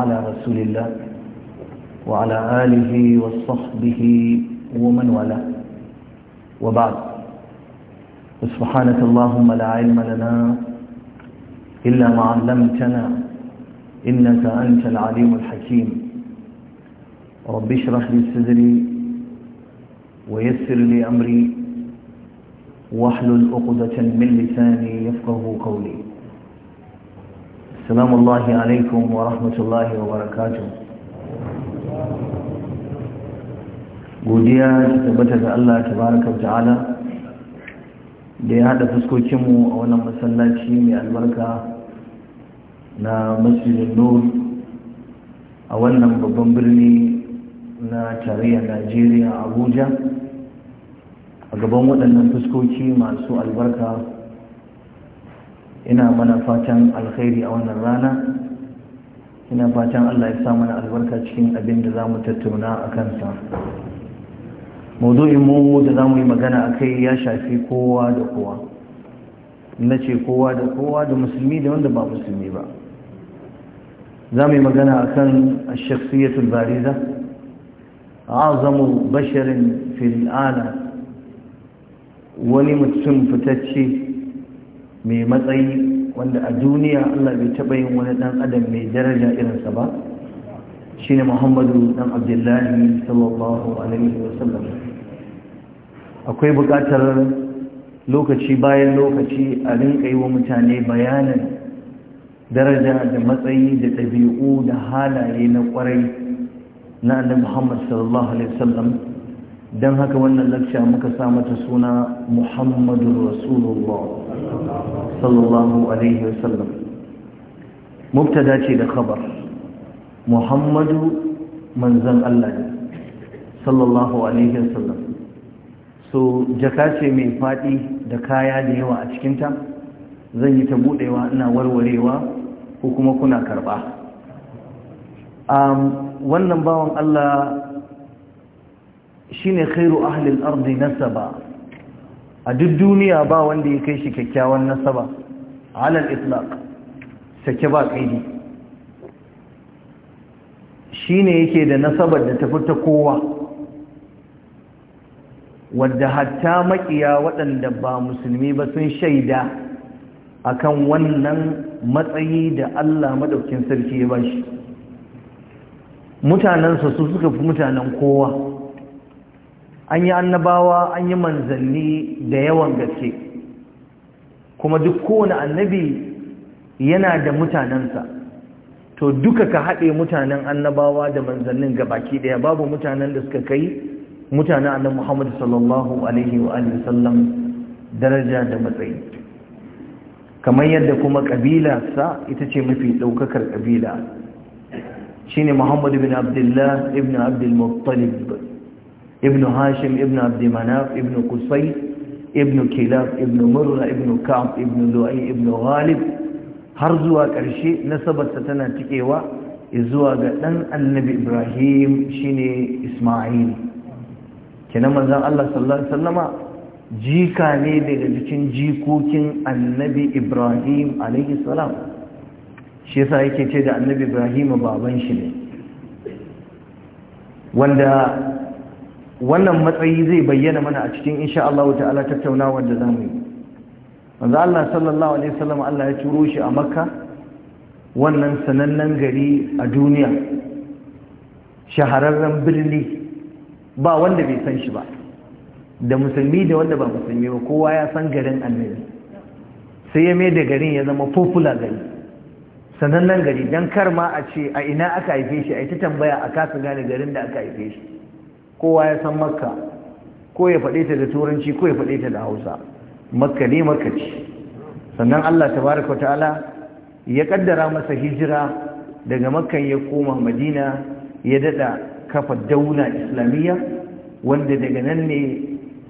على رسول الله وعلى آله وصحبه ومن والاه وبعد سبحانك اللهم لا علم لنا إلا ما علمتنا إنك أنت العليم الحكيم رب اشرح لي صدري ويسر لي أمري واحلل عقدة من لساني يفقه قولي سلام alaikum wa rahmatullahi wa barakatu. godiya ta tabbata ga Allah tabaraka ta'ala da ya hada fuskokinmu a wannan masallaci mai albarka na masjidin nur a wannan babban birni na tarayyar Najeriya Abuja a gaban waɗannan fuskoki masu albarka ina mana fatan alkhairi a wannan rana ina fatan Allah ya sa mana albarka cikin abin da zamu tattauna a kansa mawdu'in mu da mu yi magana kai ya shafi kowa da kowa nace kowa da kowa da musulmi da wanda ba musulmi ba mu yi magana akan ash-shakhsiyatul bariza zamu basharin fil wani mutum fitacce mai matsayi wanda a duniya Allah bai taɓa yin wani ɗan adam mai daraja irinsa ba shine Muhammadu ɗan Abdullahi sallallahu alaihi sallam. akwai buƙatar lokaci bayan lokaci a rinka yi wa mutane bayanin daraja da matsayi da ɗabi'u da halaye na ƙwarai na annabi Muhammad sallallahu alaihi don haka wannan lakca muka sa mata suna Muhammadu Rasulullah Muftada ce da khabar muhammadu manzan Allah ne الله عليه وسلم so jaka ce mai fadi da kaya da yawa a cikinta zan yi ta budewa ina warwarewa ko kuma kuna karba um, wannan bawan Allah shine khairu ahli al-ardi nasaba a duk duniya ba wanda ya kai shi kyakkyawan nasaba alal itlaq sake ba kaidi shine yake da nasabar da tafi ta kowa wadda hatta makiya waɗanda ba musulmi ba sun shaida akan wannan matsayi da Allah madaukin sarki ya bashi mutanansa su suka fi mutanen kowa an yi annabawa an yi manzanni da yawan gaske kuma duk kowane annabi yana da mutanensa to duka ka haɗe mutanen annabawa da manzannin ga baki ɗaya babu mutanen da suka kai mutanen annan muhammadu sallallahu alaihi wa sallam daraja da matsayi kamar yadda kuma sa ita ce mafi ɗaukakar ƙabila shine muhammadu bin Abdullahi, ibn abdul Ibnu hashim ibn abd manaf ibn qusay ibn kilab ibn murra ibn ka'b ibn lu'ay ibn har zuwa ƙarshe nasabarsa tana cikewa zuwa ga ɗan annabi ibrahim shine isma'il kina manzon Allah sallallahu alaihi wasallama jika ne daga cikin jikokin annabi ibrahim alaihi salam shi yasa yake ce da annabi ibrahim baban shi ne wanda wannan matsayi zai bayyana mana a cikin insha Allah ta'ala tattaunawar da zamu yi manzo Allah sallallahu alaihi wasallam Allah ya turo shi a Makka wannan sanannen gari a duniya shahararren birni ba wanda bai san shi ba da musulmi da wanda ba musulmi ba kowa ya san garin annabi sai ya mai da garin ya zama popular gari sanannen gari don kar ma a ce a ina aka haife shi a yi ta tambaya a kasa gane garin da aka haife shi kowa ya san makka ko ya faɗe ta da turanci ko ya faɗe ta da hausa makka ne makka ce sannan allah tabaraka ta'ala ya kaddara masa hijira daga makkan ya koma madina ya daɗa kafa dauna islamiyya wanda daga nan ne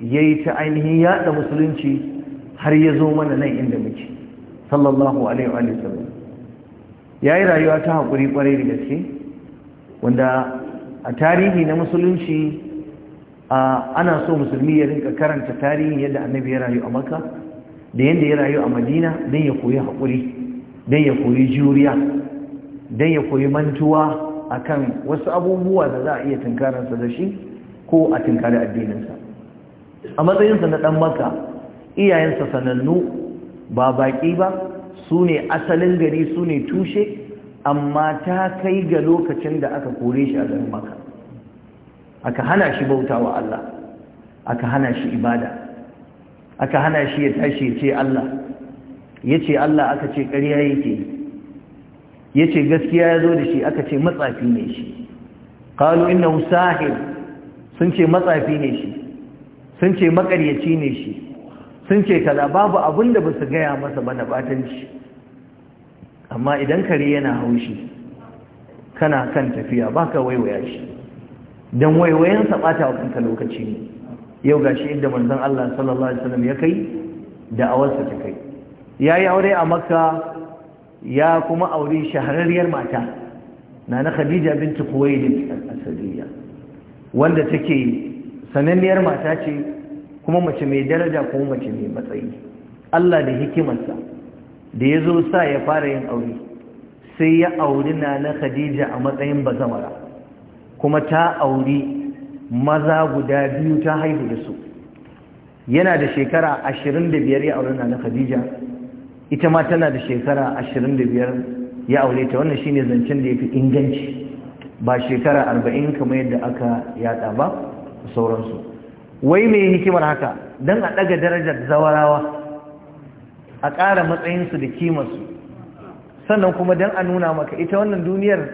ya yi ta ainihin yaɗa musulunci har ya zo mana nan inda muke sallallahu alaihi wa sallam ya yi rayuwa ta haƙuri ƙwarai da gaske wanda a tarihi na musulunci ana so musulmi ya rinka karanta tarihi yadda annabi ya rayu a makka da yadda ya rayu a madina don ya koyi haƙuri don ya koyi juriya don ya koyi mantuwa akan wasu abubuwa da za a iya tunkararsa da shi ko a tunkari addininsa a matsayinsa na ɗan maka iyayensa sanannu ba baƙi ba su ne asalin gari su ne tushe amma ta kai ga lokacin da aka kore shi a garin maka aka hana shi bauta wa Allah aka hana shi ibada aka hana shi ya tashi ya ce Allah ya ce Allah aka ce ƙarya yake ya ce gaskiya ya zo da shi aka ce matsafi ne shi ƙalu inna sahir sun ce matsafi ne shi sun ce makaryaci ne shi sun ce kada babu abin da ba su gaya masa ba na batanci amma idan kare yana haushi kana kan tafiya baka waiwaya shi dan waiwayen sa wa kanka lokaci ne yau gashi inda manzon Allah sallallahu alaihi wasallam ya kai da awarsa ta kai yayi aure a Makka ya kuma aure shahararriyar mata nana Khadija binti Khuwaylid al-Asadiyya wanda take sananniyar mata ce kuma mace mai daraja kuma mace mai matsayi Allah da hikimarsa da ya zo sa ya fara yin aure sai ya auri na na khadija a matsayin bazamara kuma ta auri maza guda biyu ta haihu da su yana da shekara ashirin da biyar ya auri na na khadija ita ma tana da shekara ashirin da biyar ya aure ta wannan shine zancen da ya fi inganci ba shekara arba'in kama yadda aka yada ba sauransu wai mai hikimar haka don a ɗaga darajar zawarawa a ƙara matsayinsu da kimarsu sannan kuma don a nuna maka ita wannan duniyar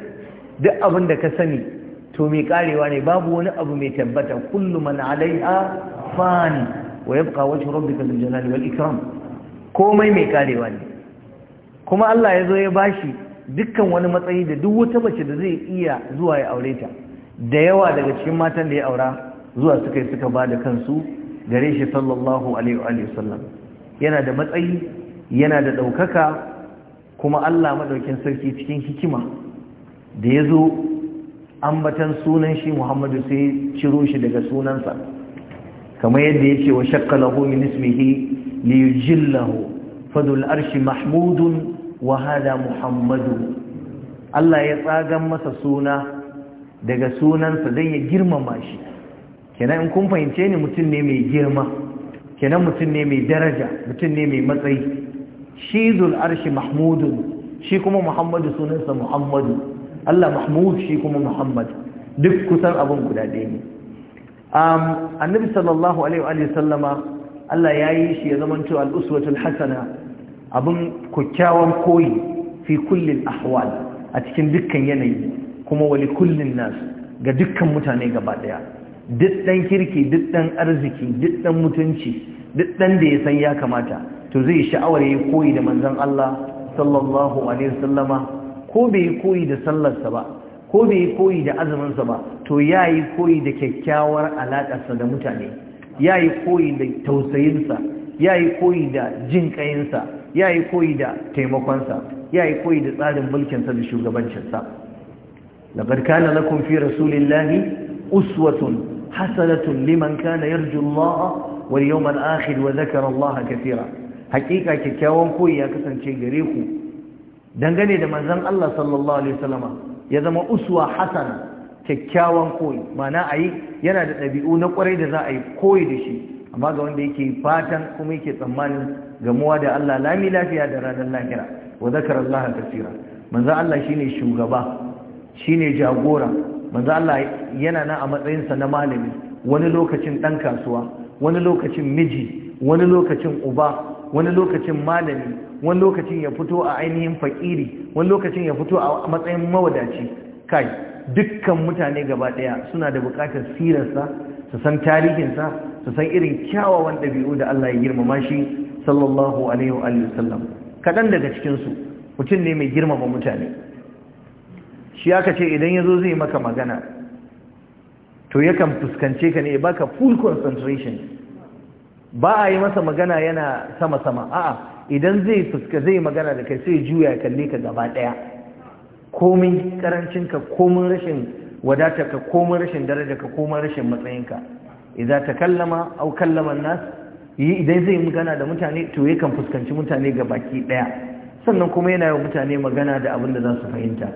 duk abin da ka sani to mai karewa ne babu wani abu mai tabbata kullum man a fani wa wacce wajhu ka zai jana wal ikram komai mai karewa ne kuma Allah ya zo ya bashi dukkan wani matsayi da duk wata mace da zai iya zuwa ya aure ta da yawa daga cikin matan da ya aura zuwa suka yi suka da kansu gare shi sallallahu alaihi wa sallam yana da matsayi yana da ɗaukaka kuma Allah maɗaukin sarki cikin hikima da ya zo ambatan sunan shi Muhammadu sai ciro shi daga sunansa kamar yadda ya ce wa shakka lahu min ismihi li yujillahu fadul arshi mahmudun wa hada muhammadu Allah ya tsagan masa suna daga sunansa don ya girmama shi kenan in kun fahimce ni mutum ne mai girma kenan mutum ne mai daraja mutum ne mai matsayi shi zul arshi mahmudun shi kuma muhammadu sunansa muhammadu Allah mahmud shi kuma muhammad duk kusan abin guda ɗaya ne annabi sallallahu alaihi wa sallama Allah ya yi shi ya zamanto al'uswatul hasana abin kyakkyawan koyi fi kullin ahwal a cikin dukkan yanayi kuma wali kullin nas ga dukkan mutane gaba ɗaya. duk dan kirki duk dan arziki duk dan mutunci duk ɗan da ya san ya kamata to zai sha'awar ya koyi da manzan Allah sallallahu alaihi wasallama ko bai koyi da sallarsa ba ko bai koyi da azuminsa ba to ya yi koyi da kyakkyawar alaƙarsa da mutane ya yi koyi da tausayinsa ya yi koyi da jin ƙayinsa yi koyi da taimakonsa ya yi koyi da tsarin mulkinsa da shugabancinsa كان لكم في رسول rasulillahi uswatun حسنة لمن كان يرجو الله واليوم الآخر وذكر الله كثيرا حقيقة كيكاوان كوي يكسن شيء غريخ دنغني دم زن الله صلى الله عليه وسلم يزم أسوى kyakkyawan koyi mana ai yana da ɗabi'u na kwarai da za a yi koyi da shi amma ga wanda yake fatan kuma yake tsammanin gamuwa da Allah lami lafiya da ranar lahira wa zakarallaha katira manzo Allah shine shugaba shine jagora manzo Allah yana nan a matsayinsa na malami wani lokacin dan kasuwa wani lokacin miji wani lokacin uba wani lokacin malami wani lokacin ya fito a ainihin fakiri wani lokacin ya fito a matsayin mawadaci kai dukkan mutane gaba daya suna da bukatar sirarsa su san tarihinsa su san irin kyawawan ɗabi'u da Allah ya girmama shi sallallahu alaihi wa sallam kaɗan daga cikinsu mutum ne mai girmama mutane shi aka ce idan ya zo zai maka magana to yakan fuskance ka ne baka full concentration ba a yi masa magana yana sama-sama a'a idan zai fuska zai magana da kai sai juya kalle ka gaba daya komin karancinka komin rashin wadatarka komin rashin darajarka komin rashin matsayinka idan ta kallama au kallaman nas yi idan zai magana da mutane to yakan fuskanci mutane ga baki daya sannan kuma yana yi mutane magana da abin da za su fahimta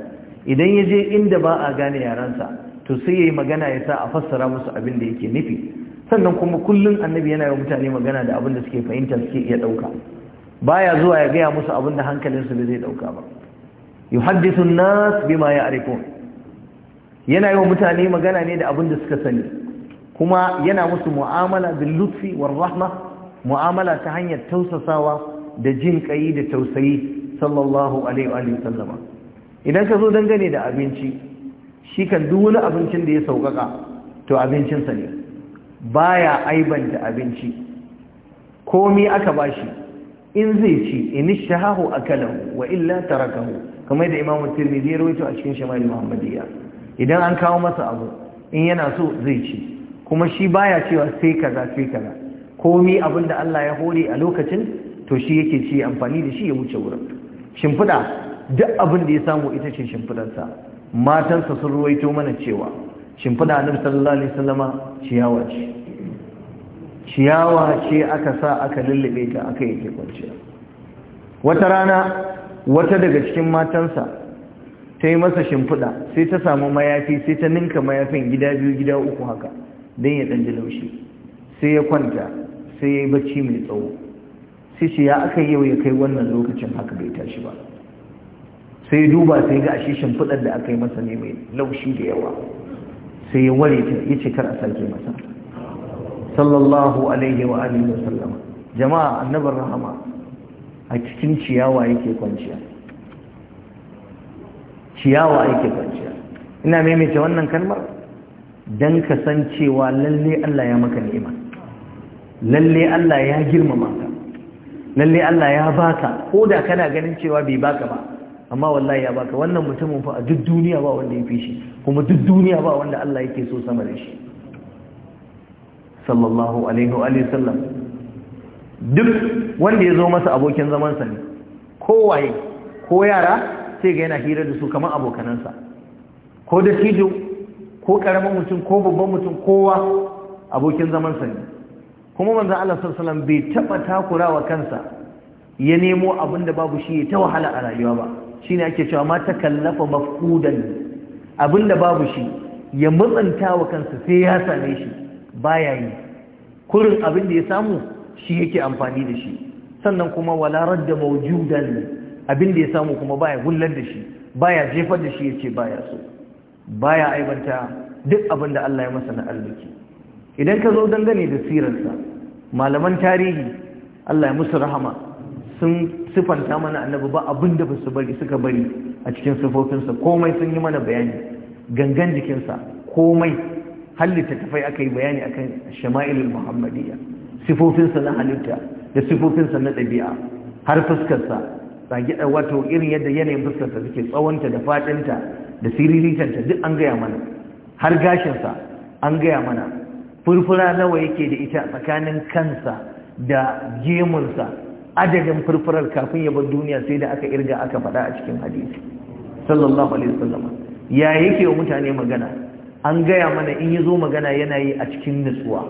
idan ya je inda ba a gane yaransa to sai ya yi magana ya sa a fassara musu abin da yake nufi sannan kuma kullum annabi yana yi mutane magana da abin da suke fahimta suke iya ɗauka ya zuwa ya gaya musu abin da hankalinsu da zai ɗauka ba yuhaddithu an-nas ya ya'rifun yana yi mutane magana ne da abin da suka sani kuma yana musu mu'amala bin lutfi wa rahma mu'amala ta hanyar tausasawa da jin kai da tausayi sallallahu alaihi wa sallama idan ka zo dangane da abinci shi kan duk wani abincin da ya sauƙaƙa to abincinsa ne Ba baya aibanta abinci komi aka ba shi? in zai ci in shahahu akalahu wa illa tarakahu kamar da imamu tirmidhi zai rawaito a cikin shama'il muhammadiyya idan an kawo masa abu in yana so zai ci kuma shi baya cewa sai kaza sai kaza komi abin da Allah ya hore a lokacin to shi yake ci amfani da shi ya wuce wurin shimfiɗa duk abin da ya samu ita ce shimfidarsa matansa sun ruwaito mana cewa shimfida annabi sallallahu alaihi sallama, ciyawa ce ciyawa ce aka sa aka lullube ta aka yake kwanciya wata rana wata daga cikin matansa ta yi masa shimfida sai ta samu mayafi sai ta ninka mayafin gida biyu gida uku haka don ya ɗan laushi sai ya kwanta sai ya yi bacci mai tsawo sai ce ya aka yau ya kai wannan lokacin haka bai tashi ba sai duba sai ga ashe shimfidar da aka yi masa ne mai laushi da yawa sai ya ware ta ya ce kar a sake masa sallallahu alaihi wa alihi wa sallama jama'a annabar rahama a cikin ciyawa yake kwanciya ciyawa yake kwanciya ina maimaita wannan kalmar dan ka san cewa lalle Allah ya maka ni'ima lalle Allah ya girmama ka lalle Allah ya baka ko da kana ganin cewa bai baka ba amma wallahi ya baka wannan mutumin fa a duk duniya ba wanda ya fi shi kuma duk duniya ba wanda Allah yake so sama da shi sallallahu alaihi wa sallam duk wanda ya zo masa abokin zamansa ne kowaye ko yara sai ga yana hira da su kamar abokanansa ko da tijo ko karamin mutum ko babban mutum kowa abokin zamansa ne kuma manzo Allah sallallahu alaihi sallam bai taba takurawa kansa ya nemo abin da babu shi ya ta wahala a rayuwa ba ne ake cewa ma takallafa mafqudan abinda babu shi ya mutsanta wa kansa sai ya same shi baya yi kurin abin da ya samu shi yake amfani da shi sannan kuma walarar da mawjudan abin da ya samu kuma baya gullar da shi baya jefar da shi yace baya so baya aibanta duk abinda Allah ya masa na arziki idan ka zo dangane da sirarsa malaman tarihi Allah ya musu rahama sun sifanta mana annabi ba abin da su bari suka bari a cikin sifofinsa komai sun yi mana bayani gangan jikinsa komai halitta ta fai aka yi bayani akan shama'ilul muhammadiyya sifofinsa na halitta da sifofinsa na ɗabi'a har fuskarsa tsage eh, wato irin yadda yanayin fuskarsa suke tsawonta da faɗinta da siriritanta duk an gaya mana har gashinsa an gaya mana furfura nawa yake da ita tsakanin kansa da gemunsa adadin furfurar kafin ya bar duniya sai da aka irga aka faɗa a cikin hadisi sallallahu alaihi wasallam ya yake wa mutane magana an gaya mana in zo magana yana yi a cikin nutsuwa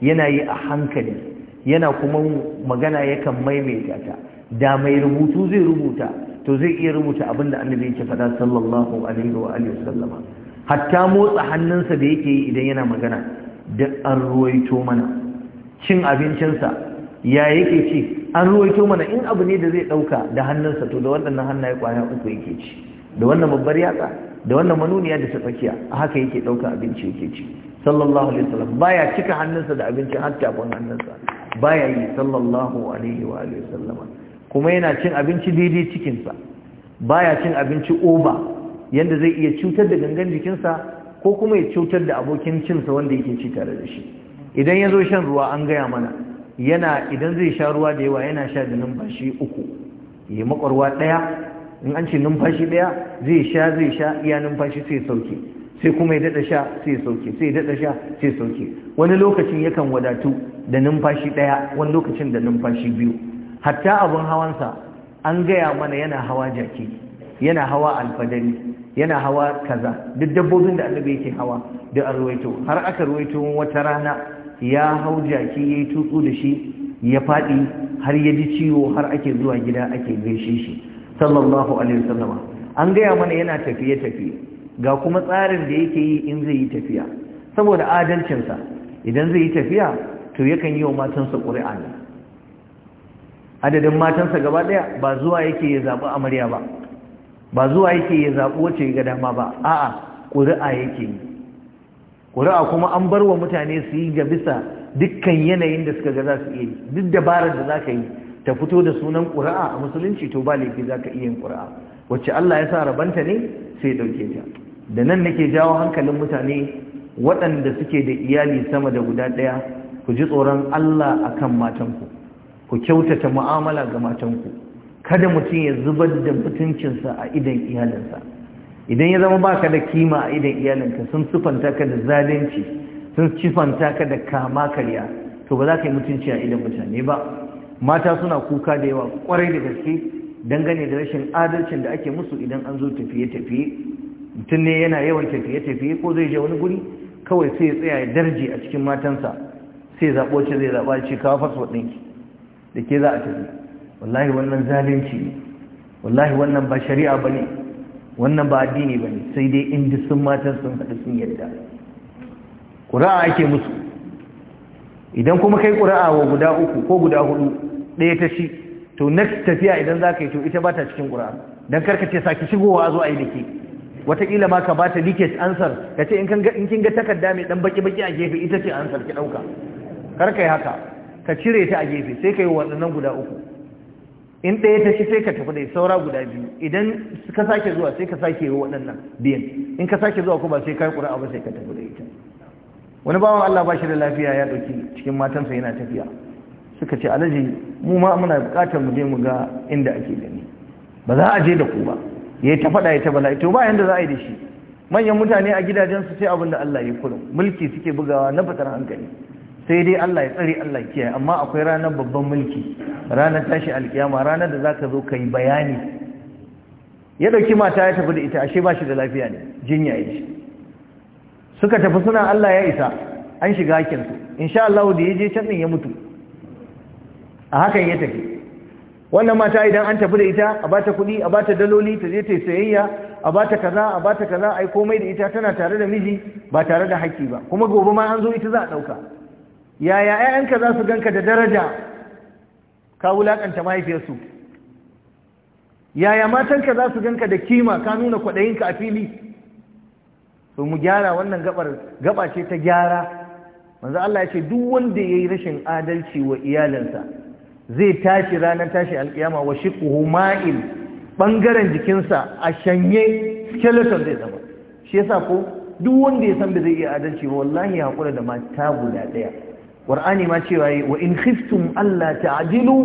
yana yi a hankali yana kuma magana yakan maimaita ta da mai rubutu zai rubuta to zai iya rubuta abin da annabi yake faɗa sallallahu alaihi wa alihi wasallam hatta motsa hannunsa da yake yi idan yana magana da an ruwaito mana cin abincinsa ya yake ci an ruwaito mana in abu ne da zai ɗauka da hannunsa to da waɗannan hannaye kwaya uku yake ci da wannan babbar yatsa da wannan manuniya da ta tsakiya a haka yake ɗauka abinci yake ci sallallahu alaihi wasallam baya cika hannunsa da abinci har tafin hannunsa baya yi sallallahu alaihi wa alihi wasallama kuma yana cin abinci daidai cikinsa baya cin abinci oba yanda zai iya cutar da gangan jikinsa ko kuma ya cutar da abokin cinsa wanda yake ci tare da shi idan ya zo shan ruwa an gaya mana yana idan zai sha ruwa da yawa yana sha da numfashi uku ya makwarwa ɗaya in an ce numfashi ɗaya zai sha zai sha iya numfashi sai sauke sai kuma ya daɗa sha sai sauke sai ya daɗa sha sai sauke wani lokacin yakan wadatu da numfashi ɗaya wani lokacin da numfashi biyu hatta abin hawansa an gaya mana yana hawa jaki yana hawa alfadari yana hawa kaza duk dabbobin da annabi yake hawa da arwaito har aka ruwaito wata rana ya hau jaki ya yi tutsu da shi ya faɗi har ya ji ciwo har ake zuwa gida ake gaishe shi sallallahu alaihi wasallam an gaya mana yana tafiye-tafiye ga kuma tsarin da yake yi in zai yi tafiya saboda adalcinsa idan zai yi tafiya to yakan yi wa matansa ƙuri'a ne adadin matansa gaba ɗaya ba zuwa yake ya zaɓi amarya ba ba zuwa yake ya zaɓi wacce ga dama ba a'a ƙuri'a yake yi ƙuri'a kuma an bar wa mutane su yi ga bisa dukkan yanayin da suka ga za su yi duk dabarar da za ka yi ta fito da sunan ƙuri'a a musulunci to ba laifi za ka iya yin ƙuri'a wacce Allah ya sa rabanta ne sai ɗauke ta da nan nake jawo hankalin mutane waɗanda suke da iyali sama da guda ɗaya ku ji tsoron Allah a kan matanku ku kyautata mu'amala ga matanku kada mutum ya zubar da mutuncinsa a idan iyalinsa idan ya zama baka da kima a idan iyalinka sun sufanta ka da zalunci sun sufanta ka da kama karya to ba za ka yi mutunci a idan mutane ba mata suna kuka da yawa kwarai da gaske dangane da rashin adalcin da ake musu idan an zo tafiye-tafiye mutum ne yana yawan tafiye-tafiye ko zai je wani guri kawai sai ya tsaya ya darje a cikin matansa sai zaɓo ce zai zaɓa ce kawo fasfot ɗinki da ke za a tafi wallahi wannan zalunci ne wallahi wannan ba shari'a ba ne wannan ba addini ba ne sai dai in sun matan sun haɗu sun yadda ƙura'a ake musu idan kuma kai ƙura'a wa guda uku ko guda hudu ɗaya ta shi to na tafiya idan za ka yi to ita ba ta cikin ƙura'a don karkace sake shigowa a zo a yi dake wataƙila ma ka ba ta leakage answer ka ce in kin ga takarda mai ɗan baki-baki a gefe ita ce ansar ki ɗauka kar ka yi haka ka cire ta a gefe sai ka yi waɗannan guda uku in ɗaya ta ci sai ka tafi da saura guda biyu idan ka sake zuwa sai ka sake yi waɗannan biyan in ka sake zuwa ko ba ka yi ƙura ba sai ka tafi da ita wani bawan Allah ba shi da lafiya ya ɗauki cikin matansa yana tafiya suka ce alaji mu ma muna buƙatar mu je mu ga inda ake gani ba za a je da ku ba ya yi ta faɗa ya ta bala to ba yanda za a yi da shi manyan mutane a gidajen su sai abin da Allah ya kullum mulki suke bugawa na fatar hankali sai dai Allah ya tsare Allah kiyaye amma akwai ranar babban mulki ranar tashi alkiyama ranar da zaka zo kai bayani ya dauki mata ya tafi da ita ashe ba shi da lafiya ne jinya yake suka tafi suna Allah ya isa an shiga hakin su insha Allah da yaje can din ya mutu a hakan ya tafi wannan mata idan an tafi da ita a bata kuɗi a bata daloli ta je ta yi sayayya a bata kaza a bata kaza ai komai da ita tana tare da miji ba tare da haƙƙi ba kuma gobe ma an zo ita za a ɗauka yaya 'ya'yanka za su ganka da daraja ka wulaƙanta mahaifiyarsu yaya matanka za su ganka da kima ka nuna kwaɗayinka a fili su mu gyara wannan gabar gaba ce ta gyara manzo Allah ya ce duk wanda ya yi rashin adalci wa iyalinsa zai tashi ranar tashi alkiyama wa shi ma'il bangaren jikinsa a shanye skeleton zai zama shi yasa ko duk wanda ya san da zai iya adalci ba wallahi ya hakura da mata guda ɗaya. qur'ani ma cewa yi wa in khiftum alla ta'dilu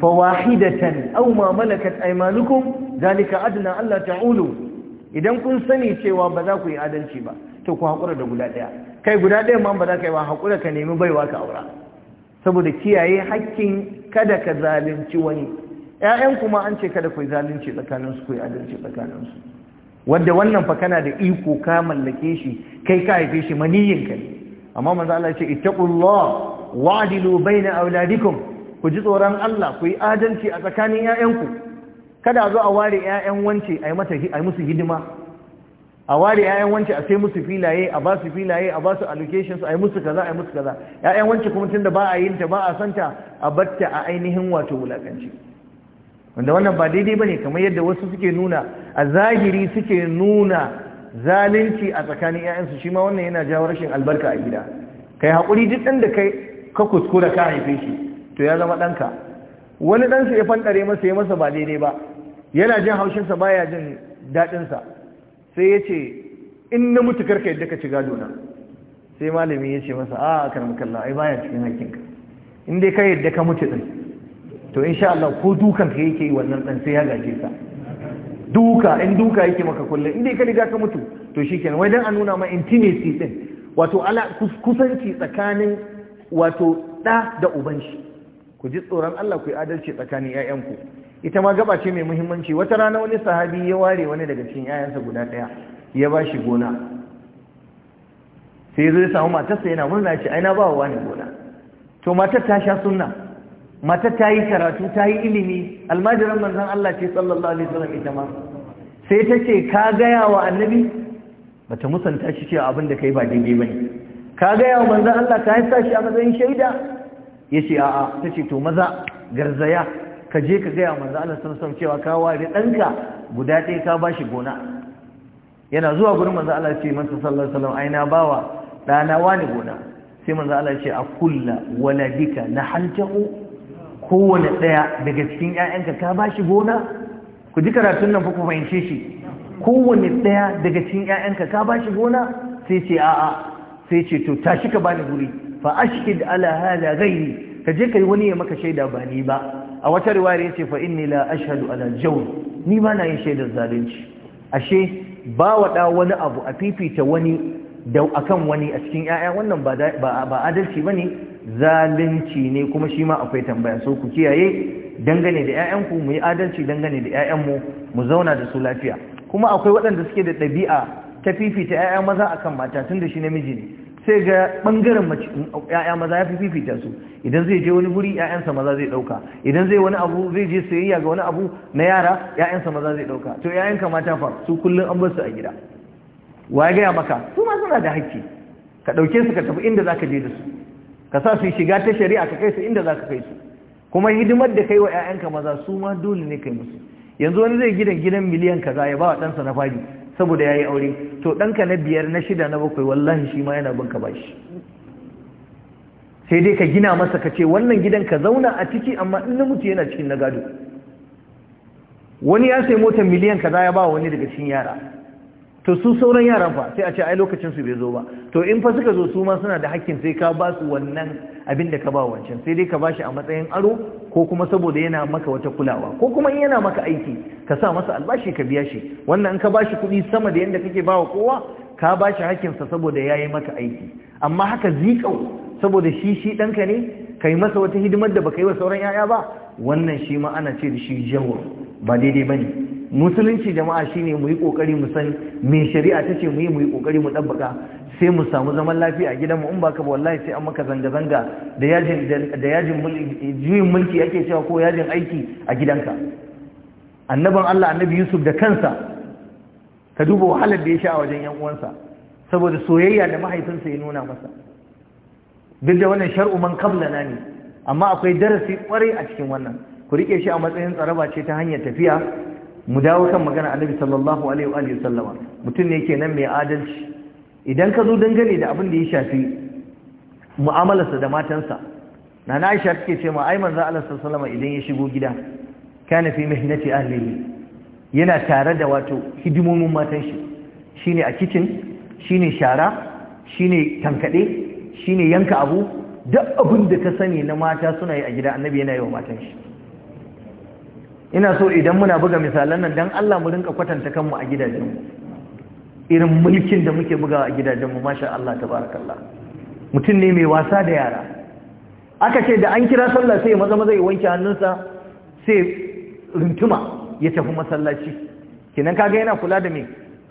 fawahidatan aw ma malakat aymanukum zalika adna alla ta'ulu idan kun sani cewa ba za ku yi adalci ba to ku hakura da guda daya kai guda daya ma ba za ka yi ba hakura ka nemi baiwa ka aura saboda kiyaye hakkin kada ka zalunci wani ƴaƴan kuma an ce kada ku yi zalunci tsakaninsu ku yi adalci tsakaninsu wanda wannan fa kana da iko ka mallake shi kai ka haife shi maniyin ka ne amma manzo Allah ya ce ittaqullah wa'dilu baina auladikum ku ji tsoron Allah ku yi adalci a tsakanin ƴaƴanku kada a zo a ware ƴaƴan wance ai mata ai musu hidima a ware ƴaƴan wance a sai musu filaye a ba su filaye a ba su allocations ai musu kaza ai musu kaza ƴaƴan wance kuma tunda ba a yin ta ba a santa a batta a ainihin wato wulakanci wanda wannan ba daidai bane kamar yadda wasu suke nuna a zahiri suke nuna zalunci a tsakanin 'ya'yansu shi ma wannan yana jawo rashin albarka a gida kai haƙuri duk ɗan da kai ka kuskura ka haife shi to ya zama ɗanka wani ɗansa ya fanɗare masa ya masa ba daidai ba yana jin haushinsa baya jin daɗinsa sai ya ce in na mutu karka yadda ka ci gado na sai malami ya ce masa a ah, karamkalla ai baya cikin hakinka in dai ka yadda ka mutu ɗin to sha Allah ko dukan ka yake yi wannan ɗan sai ya gaje sa. duka in duka yake maka kullum inda ka riga ka mutu to shikenan wai dan a nuna ma intimacy din wato ala kusanci tsakanin wato da da uban shi ku ji tsoron Allah ku yi adalci tsakanin ƴaƴanku ita ma gaba ce mai muhimmanci wata rana wani sahabi ya ware wani daga cikin ƴaƴansa guda ɗaya ya ba shi gona sai zai samu matarsa yana murna ce ai na ba wa wani gona to matar ta sha sunna mata ta yi karatu ta yi ilimi almajiran manzan Allah ce sallallahu alaihi wasallam ita ma sai ta ce ka gaya wa annabi bata musanta shi cewa abin da kai ba daidai ba ne. ka gaya wa manzan Allah ka haisa shi a matsayin shaida Ya ce a'a ta ce to maza garzaya ka je ka gaya wa manzan Allah sallallahu alaihi cewa ka ware danka guda ɗaya ka bashi gona yana zuwa gurin manzan Allah ce masa sallallahu alaihi wasallam aina bawa dana wani gona sai manzan Allah ce a kulla waladika na haljahu kowane ɗaya daga cikin ‘ya'yanka ka ba shi gona ku ji karatun nan ku fahimce shi kowane ɗaya daga cikin ‘ya'yanka ka ba gona sai ce a'a sai ce to tashi ka bani guri fa ashhid ala hada ghairi ka je ka yi wani ya maka shaida ba ni ba a wata riwaya ce fa inni la ashhadu ala jawr ni ba na yin shaidar zalunci ashe ba wada wani abu a fifita wani da akan wani a cikin ‘ya'ya wannan ba adalci ne? zalunci ne kuma shi ma akwai tambaya so ku kiyaye dangane da 'ya'yanku mu yi adalci dangane da 'ya'yanmu mu zauna da su lafiya kuma akwai waɗanda suke da ɗabi'a ta fifita 'ya'ya maza akan mata tun da shi namiji ne sai ga ɓangaren 'ya'ya maza ya fi fifita su idan zai je wani guri 'ya'yansa maza zai ɗauka idan zai wani abu zai je sayayya ga wani abu na yara 'ya'yansa maza zai ɗauka to ka mata fa su kullum an bar su a gida wa ya gaya maka su ma suna da hakki ka ɗauke su ka tafi inda za ka je da su ka sa su shiga ta shari'a ka kai su inda za ka kai su kuma hidimar da kai wa 'ya'yanka maza su ma dole ne kai musu yanzu wani zai gidan gidan miliyan kaza ya ba wa ɗansa na fari saboda ya yi aure to ɗanka na biyar na shida na bakwai wallahi shi ma yana bin ka bashi sai dai ka gina masa ka ce wannan gidan ka zauna a ciki amma in na mutu yana cikin na gado wani ya sai motar miliyan kaza ya ba wani daga cikin yara to su sauran yaran fa sai a ce ai lokacin su bai zo ba to in fa suka zo su ma suna da hakkin sai ka ba su wannan abin da ka ba wancan sai dai ka bashi a matsayin aro ko kuma saboda yana maka wata kulawa ko kuma in yana maka aiki ka sa masa albashi ka biya shi wannan in ka bashi kuɗi sama da yanda kake bawa kowa ka ba shi hakkin sa saboda yayi maka aiki amma haka zikau saboda shi shi ɗanka ne kai masa wata hidimar da baka yi wa sauran yaya ba wannan shi ma ana ce da shi jawur ba daidai bane musulunci jama'a shine mu yi kokari mu san me shari'a ta ce mu yi mu yi kokari mu dabbaka sai mu samu zaman lafiya a gidan mu. in baka ba wallahi sai an maka zanga zanga da yajin da yajin juyin mulki ake cewa ko yajin aiki a gidanka annaban Allah annabi Yusuf da kansa ka duba wahalar da ya sha a wajen yan uwansa saboda soyayya da mahaifinsa ya nuna masa duk da wannan shar'u man na ne amma akwai darasi kwarai a cikin wannan ku rike shi a matsayin tsaraba ce ta hanyar tafiya mu dawo kan magana annabi sallallahu alaihi wa alihi sallama mutum ne nan mai adalci idan ka zo dangane da abin da ya shafi mu'amalarsa da matansa nana Aisha take cewa ai manzo Allah sallallahu alaihi idan ya shigo gida kana fi mihnati ahlihi yana tare da wato hidimomin matan shi shine a kitchen shine shara shine tankade shine yanka abu duk abin da ka sani na mata suna yi a gida annabi yana yi wa matan shi ina so idan muna buga misalan nan dan Allah mu rinka kwatanta kanmu a gidajenmu irin mulkin da muke bugawa a gidajenmu masha Allah tabarakallah mutum ne mai wasa da yara aka ce da an kira sallah sai maza maza ya wanke hannunsa sai runtuma ya tafi masallaci kenan kaga yana kula da me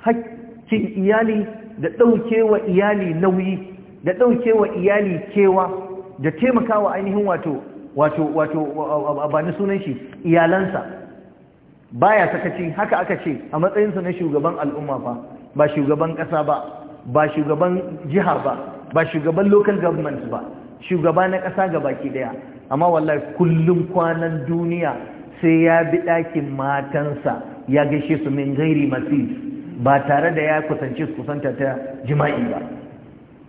haƙƙin iyali da ɗaukewa iyali nauyi da ɗaukewa iyali kewa da taimakawa ainihin wato wato wato ba sunan shi iyalansa baya sakaci haka aka ce a matsayinsa na shugaban al'umma fa ba shugaban ƙasa ba ba shugaban jiha ba ba shugaban local government ba shugaba na ƙasa ga baki daya amma wallahi kullum kwanan duniya sai ya bi ɗakin matansa ya gaishe su min gairi masu ba tare da ya kusance su kusanta ta jima'i ba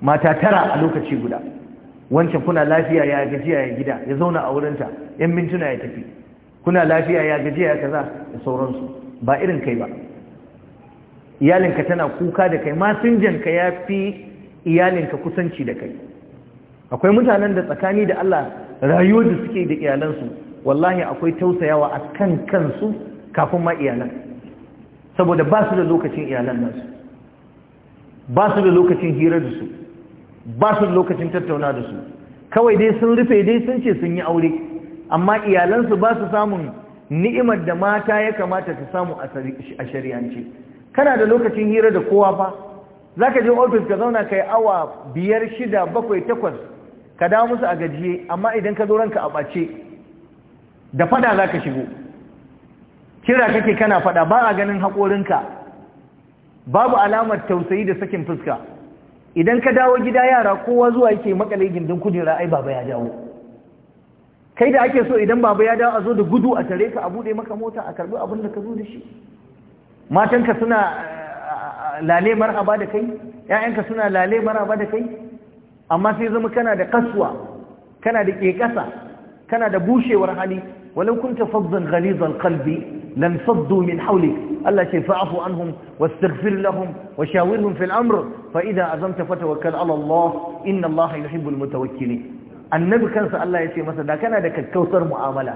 mata tara a lokaci guda wancan kuna lafiya ya gajiya ya gida ya zauna a wurinta yan mintuna ya tafi kuna lafiya ya gajiya ya kaza da sauransu ba irin kai ba iyalinka tana kuka da kai masinjanka ya fi iyalinka kusanci da kai akwai mutanen da tsakani da Allah rayuwar da suke da iyalansu wallahi akwai tausayawa a kan kansu kafin ma iyalan saboda ba su da lokacin iyalan nasu ba su da lokacin hira da su ba su lokacin tattauna da su kawai dai sun rufe dai sun ce sun yi aure amma iyalansu ba su samun ni'imar da mata ya kamata su samu a shari'ance kana da lokacin hira da kowa fa za ka je ofis ka zauna ka yi awa biyar shida bakwai takwas ka dawo musu a gajiye amma idan ka zo ranka a ɓace da fada za ka shigo kira kake kana fada ba a ganin haƙorinka babu alamar tausayi da sakin fuska idan ka dawo gida yara kowa zuwa yake makale gindin kujera ai baba ya dawo kai da ake so idan baba ya dawo a zo da gudu a tare ka a bude maka mota a karbi abin da ka zo da shi matanka suna eh, lale marhaba da kai ƴaƴanka suna lale marhaba da kai amma sai zama kana da kaswa kana da kekasa kana da bushewar hali walau kunta faddan ghaliz alqalbi lan saddu min hawlik Allah ce fa'afu anhum wastaghfir lahum wa shawirhum fil amr fa idza azamta fatawakkal ala Allah inna Allah yuhibbul mutawakkilin annabi kansa Allah ya ce masa da kana da kakkausar mu'amala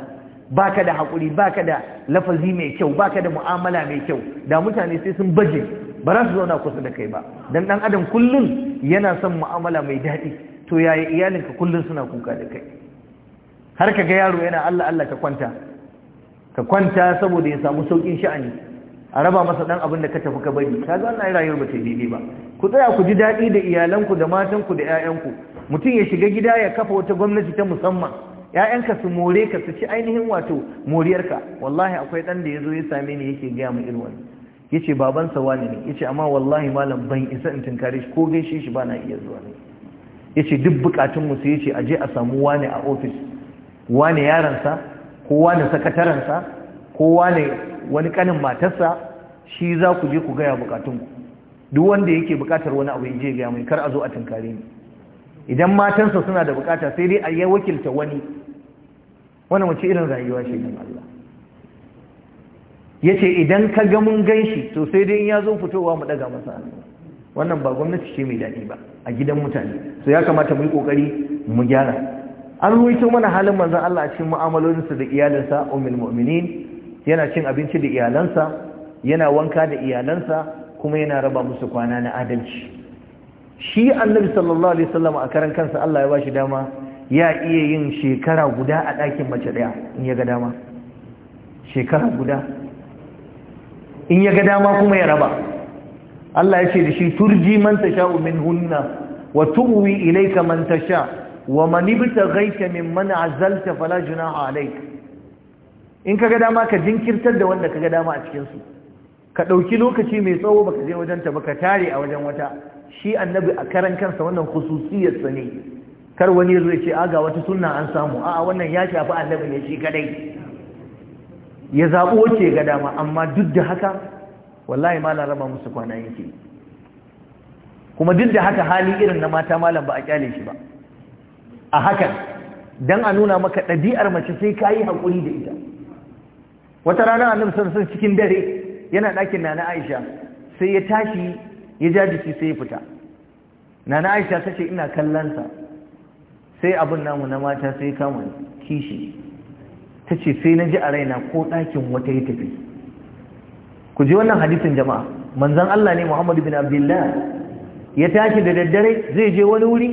baka da hakuri baka da lafazi mai kyau baka da mu'amala mai kyau da mutane sai sun baje ba za su zauna kusa da kai ba dan dan adam kullun yana son mu'amala mai daɗi to yaya iyalinka kullun suna kuka da kai har ka ga yaro yana Allah Allah ka kwanta ka kwanta saboda ya samu saukin sha'ani a raba masa dan abin da ka tafi ka bari kaga wannan rayuwar ba ta daidai ba ku tsaya ku ji daɗi da iyalanku da matanku da ƴaƴanku mutum ya shiga gida ya kafa wata gwamnati ta musamman ƴaƴanka su more ka su ci ainihin wato moriyarka wallahi akwai dan da zo ya same ni yake gaya mu irin wannan yace baban sa wani ne yace amma wallahi malam ban isa in tunkare shi ko gaishe shi bana iya zuwa ne yace duk bukatun mu sai yace aje a samu wani a office wani yaransa ko wani sakataransa ko wani wani kanin matarsa shi za ku je ku gaya bukatunku duk wanda yake bukatar wani abu je gaya mai kar a zo a tunkare ni idan matansa suna da bukata sai dai a yi wakilta wani wannan wace irin rayuwa ce ne Allah ya ce idan ka ga mun gan shi to sai dai ya zo fitowa mu daga masa hannu wannan ba gwamnati ce mai daɗi ba a gidan mutane so ya kamata mu yi ƙoƙari mu gyara an ruwaito mana halin manzon Allah a cikin mu'amalolinsa da iyalinsa ummul mu'minin yana cin abinci da iyalansa yana wanka da iyalansa kuma yana raba musu kwana na adalci shi annabi sallallahu alaihi wasallam a karan kansa Allah ya bashi dama ya iya yin shekara guda a ɗakin mace ɗaya in ya ga dama shekara guda in ya ga dama kuma ya raba Allah ya ce da shi turji man tasha'u minhunna wa tuwi ilayka man tasha wa man ibtaghaita mimman azalta fala junaha alayk in kaga dama ka jinkirtar da wanda kaga dama a cikin su ka ɗauki lokaci mai tsawo baka je wajen ta ka tare a wajen wata shi annabi a karan kansa wannan khususiyarsa ne kar wani ya zo ya ce a ga wata sunna an samu a wannan ya shafi annabi ne shi kadai ya zaɓi wacce ga dama amma duk da haka wallahi malam raba musu kwana yake kuma duk da haka hali irin na mata malam ba a kyale shi ba a hakan dan a nuna maka ɗabi'ar mace sai ka yi haƙuri da ita wata rana annabi sun cikin dare yana ɗakin nana aisha sai ya tashi ya ja jiki sai ya fita nana aisha ta ce ina kallonsa sai abin namu na mata sai kama kishi ta ce sai na ji a raina ko ɗakin wata ya tafi ku ji wannan hadisin jama'a manzan Allah ne Muhammadu bin Abdullah ya tashi da daddare zai je wani wuri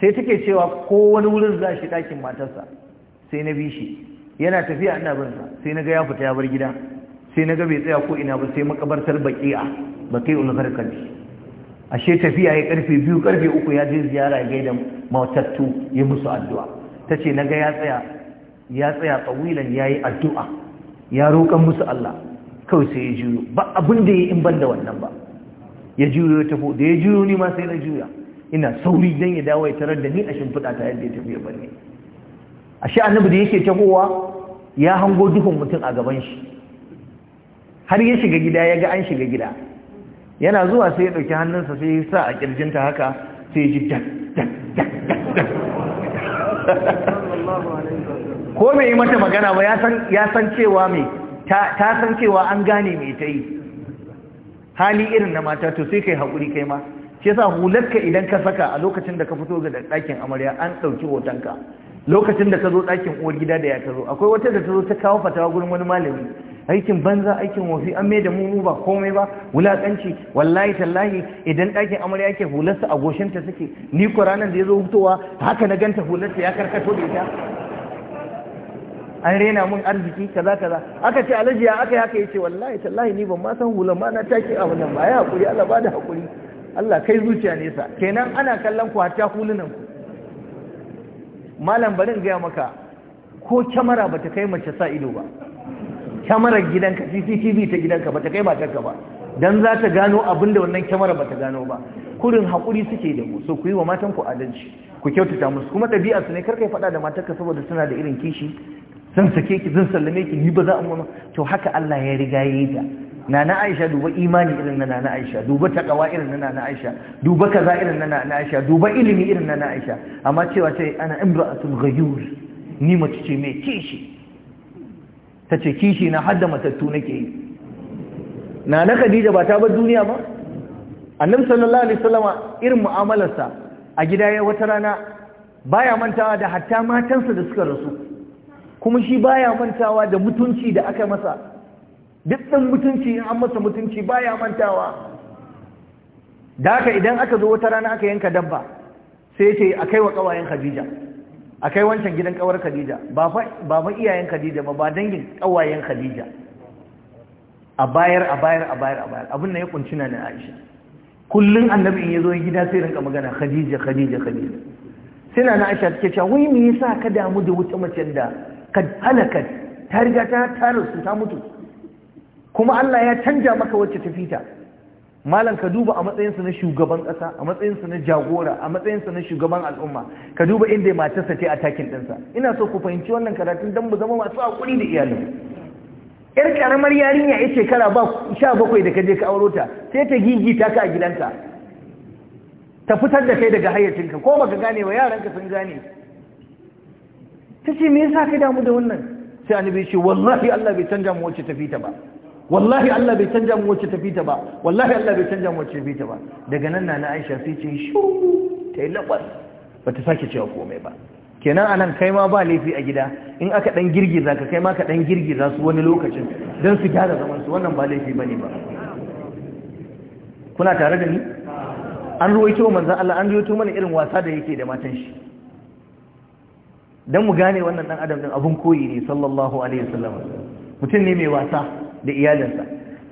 sai take cewa ko wani wurin za shi ɗakin matarsa sai na bi shi yana tafiya ina sa sai na ga ya fita ya bar gida sai na ga bai tsaya ko ina ba sai makabartar baqi'a baqi'ul gharqadi ashe tafiya ya karfe biyu karfe uku ya je ziyara ya gaida matattu ya musu addu'a tace naga ya tsaya ya tsaya tsawilan yayi addu'a ya roƙan musu Allah kawai sai ya juyo ba abin da yi in ban wannan ba ya juyo ya tafi da ya juyo ni ma sai na juya ina sauri dan ya dawo ya tarar da ni a shimfiɗa ta yadda ya tafi ya A ashe annabi da yake tahowa ya hango duhun mutum a gaban shi har ya shiga gida ya ga an shiga gida yana zuwa sai ya ɗauki hannunsa sai ya sa a ƙirjinta haka sai ya ji dan ko mai yi mata magana ba ya san cewa mai ta san cewa an gane mai ta yi hali irin na mata to sai kai haƙuri kai ma shi yasa hularka idan ka saka a lokacin da ka fito ga ɗakin amarya an ɗauki hotonka lokacin da ka zo ɗakin uwar gida da ya ta zo akwai wata da ta zo ta kawo fatawa gurin wani malami aikin banza aikin wafi an mai da mu ba komai ba wulaƙanci wallahi tallahi idan ɗakin amarya yake hularsa a goshinta suke ni ko ranar da ya zo fitowa haka na ganta hularsa ya karkato da ita an rena mun arziki kaza kaza aka ce alhaji ya aka yi haka yace wallahi tallahi ni ban ma san hular ma na take a wannan ba ya hakuri Allah ba da hakuri Allah kai zuciya nesa kenan ana kallon ku har ta hulunan ku malam barin gaya maka ko kyamara ba ta kai mace sa ido ba kyamarar gidanka cctv ta gidanka ba ta kai matarka ba don za ta gano abin da wannan kyamara ba ta gano ba kurin hakuri suke da mu so ku yi wa matan ku adalci ku kyautata musu kuma ɗabi'a su ne karka faɗa da matarka saboda suna da irin kishi zan sake ki zan sallame ki ni ba za a mu to haka Allah ya riga yi ta nana Aisha duba imani irin na nana Aisha duba takawa irin na nana Aisha duba kaza irin na nana Aisha duba ilimi irin na nana Aisha amma cewa ce ana imra'atul ghayur ni mace ce mai kishi tace kishi na hadda matattu nake yi nana Khadija ba ta bar duniya ba annabi sallallahu alaihi wasallama irin mu'amalarsa a gida ya wata rana baya mantawa da hatta matansa da suka rasu kuma shi baya mantawa da mutunci da aka masa duk ɗan mutunci in an masa mutunci ba ya mantawa da haka idan aka zo wata rana aka yanka dabba sai ce a kai wa ƙawayen khadija a kai wancan gidan ƙawar khadija ba fa iyayen khadija ba ba dangin ƙawayen khadija a bayar a bayar a bayar a bayar abin nan ya kunci na aisha kullum annabi in ya zo gida sai rinka magana khadija khadija khadija sai na aisha take cewa wai me yasa ka damu da wuce macen da kad halakat ta riga ta tara ta mutu kuma Allah ya canja maka wacce ta fita malam ka duba a matsayinsa na shugaban kasa, a matsayinsa na jagora a matsayinsa na shugaban al'umma ka duba inda matarsa ta a takin ɗinsa ina so ku fahimci wannan karatun don mu zama masu haƙuri da iyali yar karamar yarinya ya shekara ba sha bakwai da ka je ka auro ta sai ta gigi ta ka a gidanka ta fitar da kai daga hayyacinka ko baka gane ba yaranka sun gane ta ce me yasa ka damu da wannan sai annabi ce wallahi Allah bai canja mu wacce ta fita ba wallahi Allah bai canja mu wacce tafi ta ba wallahi Allah bai canja mu wacce tafi ta ba daga nan na Aisha sai ce shuru ta yi labar bata sake cewa komai ba kenan anan kai ma ba laifi a gida in aka dan girgiza ka kai ma ka dan girgiza su wani lokacin don su gyara zaman su wannan ba laifi bane ba kuna tare da ni an ruwaito manzon Allah an ruwaito mana irin wasa da yake da matan shi dan mu gane wannan dan adam din abun koyi ne sallallahu alaihi wasallam mutum ne mai wasa da iyalinsa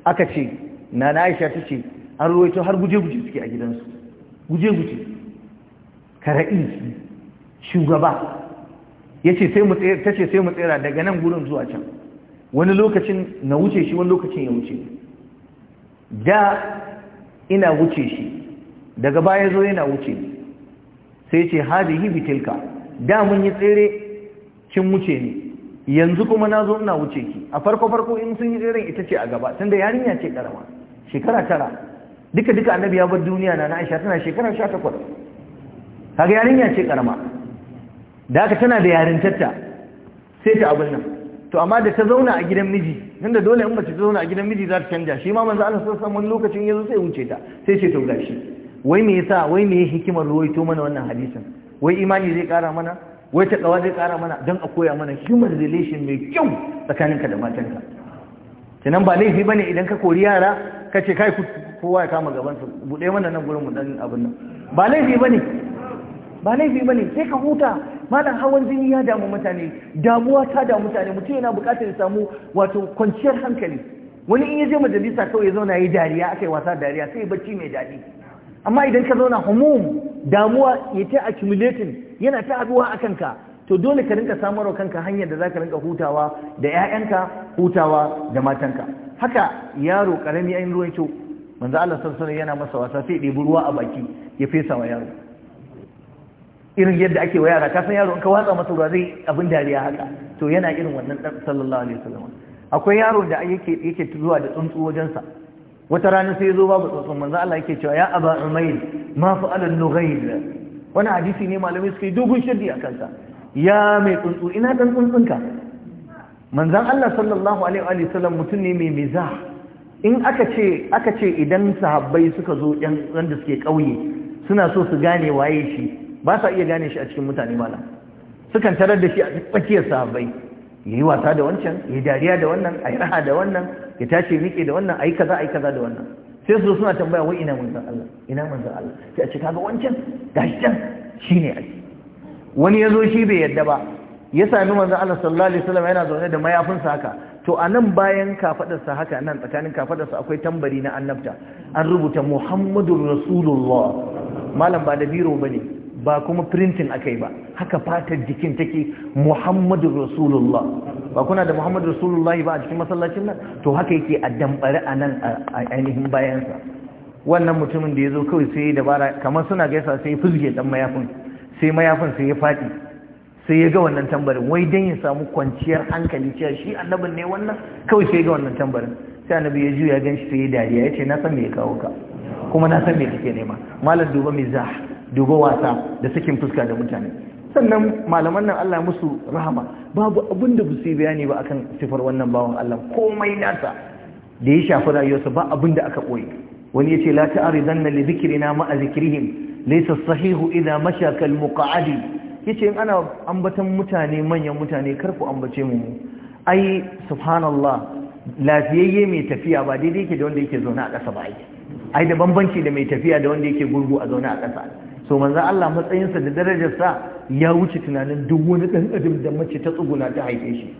aka ce na na'isha aisha ta ce an ruwaito har guje-guje suke a gidansu guje-guje kara'i shugaba ya ce sai ta ce sai mu tsera daga nan gurin zuwa can wani lokacin na wuce shi wani lokacin ya wuce da ina wuce shi daga baya zo yana wuce sai ce hajji hibitilka da mun yi tsere kin wuce ne yanzu kuma na zo ina wuce ki a farko farko in sun yi tseren ita ce a gaba tunda yarinya ce karama shekara tara duka duka annabi ya bar duniya na Aisha tana shekara takwas. kaga yarinya ce karama da haka tana da yarintarta sai ta abin nan to amma da ta zauna a gidan miji tunda dole in mace ta zauna a gidan miji za ta canja shi ma manzo Allah sallallahu alaihi wasallam lokacin yazo sai wuce ta sai ce to gashi wai me yasa wai me hikimar ruwaito mana wannan hadisin wai imani zai kara mana wai ta kawa zai kara mana don a koya mana human relation mai kyau tsakaninka da matanka sannan ba laifi ba ne idan ka kori yara ka ce kai kowa ya kama gabansu buɗe wannan nan gurin mutanen abin nan ba laifi ne ba laifi ne sai ka huta malam hawan jini ya damu mutane damuwa ta damu mutane mutum yana buƙatar ya samu wato kwanciyar hankali wani in ya je majalisa kawai ya zauna yi dariya aka yi wasa dariya sai bacci mai daɗi amma idan ka zauna humum damuwa ya ta accumulating yana ta abuwa a kanka to dole ka rinka samarwa kanka hanyar da za ka rinka hutawa da 'ya'yanka hutawa da matanka haka yaro karami ainihin ruwan kyau manzo Allah sallallahu yana masa wasa sai ɗebi ruwa a baki ya fesa wa yaro irin yadda ake wa yara ka san yaro in ka watsa masa ruwa zai abin dariya haka to yana irin wannan dan sallallahu alaihi wasallam akwai yaro da yake yake zuwa da tsuntsu wajensa wata rana sai ya zo babu tsuntsu manzo Allah yake cewa ya aba umayl ma fa'ala an-nughayl wani hadisi ne malamai suka yi dogon shirdi a kansa ya mai tsuntsu ina dan tsuntsunka manzan Allah sallallahu alaihi wa sallam mutum ne mai miza in aka ce aka ce idan sahabbai suka zo yan wanda suke kauye suna so su gane waye shi ba sa iya gane shi a cikin mutane malam sukan tarar da shi a tsakiyar sahabbai Ya yi wasa da wancan ya yi dariya da wannan a yi raha da wannan ya tashi rike da wannan a yi kaza a yi kaza da wannan sai su suna tambaya wai ina manzan Allah ina manzan Allah sai a ce kaga wancan gashi can shine ai wani yazo shi bai yadda ba ya sami manzan Allah sallallahu alaihi wasallam yana zaune da mayafinsa haka to a nan bayan sa haka nan tsakanin sa akwai tambari na annabta an rubuta Muhammadur rasulullah malam ba da biro ba ba kuma printing akai ba haka fatar jikin take Muhammadur rasulullah ba kuna da muhammadu rasulullahi ba a cikin masallacin nan to haka yake a dambari a nan a ainihin bayansa wannan mutumin da ya zo kawai sai ya dabara kamar suna gaisa sai ya fuzge dan mayafin sai mayafin sai ya faɗi sai ya ga wannan tambarin wai dan ya samu kwanciyar hankali cewa shi annabin ne wannan kawai sai ya ga wannan tambarin sai annabi ya juya gan shi sai ya dariya ya ce na san me ya kawo ka kuma na san me kake nema malam duba mizah duba wasa da sakin fuska da mutane sannan malaman nan Allah musu rahama babu abin da busu bayani ba akan sifar wannan bawan Allah komai nasa da ya shafi rayuwarsa ba abin da aka koyi wani yace la ta'ridanna li dhikrina ma'a dhikrihim laysa sahihu idha masha kal muqa'adi yace in ana ambatan mutane manyan mutane kar ku ambace mu ai subhanallah lafiyayye mai tafiya ba daidai yake da wanda yake zaune a ƙasa ba ai ai da bambanci da mai tafiya da wanda yake gurgu a zaune a ƙasa so manzo Allah matsayinsa da darajarsa ya wuce tunanin duk wani ɗan adam da mace ta tsuguna ta haife shi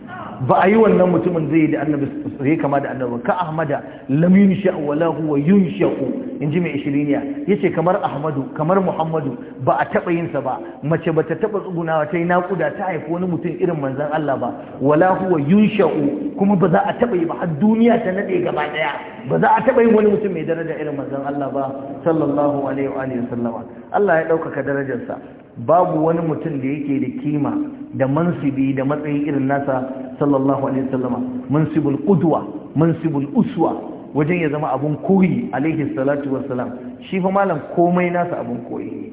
ba a yi wannan mutumin zai da annabi sai kama da annabi ka ahmada lam yunsha wala wa yunshaqu inji mai ishiriniya yace kamar ahmadu kamar muhammadu ba a taba yin sa ba mace bata taba tsugunawa ta yi nakuda ta haifi wani mutum irin manzon Allah ba wala wa yunshaqu kuma ba za a taba yi ba har duniya ta nade gaba daya ba za a taba yin wani mutum mai daraja irin manzon Allah ba sallallahu alaihi wa alihi Allah ya ɗaukaka darajarsa babu wani mutum da yake da kima da mansibi da matsayin irin nasa sallallahu alaihi wasallama mansibul qudwa mansibul uswa wajen ya zama abun koyi alaihi salatu wassalam shi fa malam komai nasa abun koyi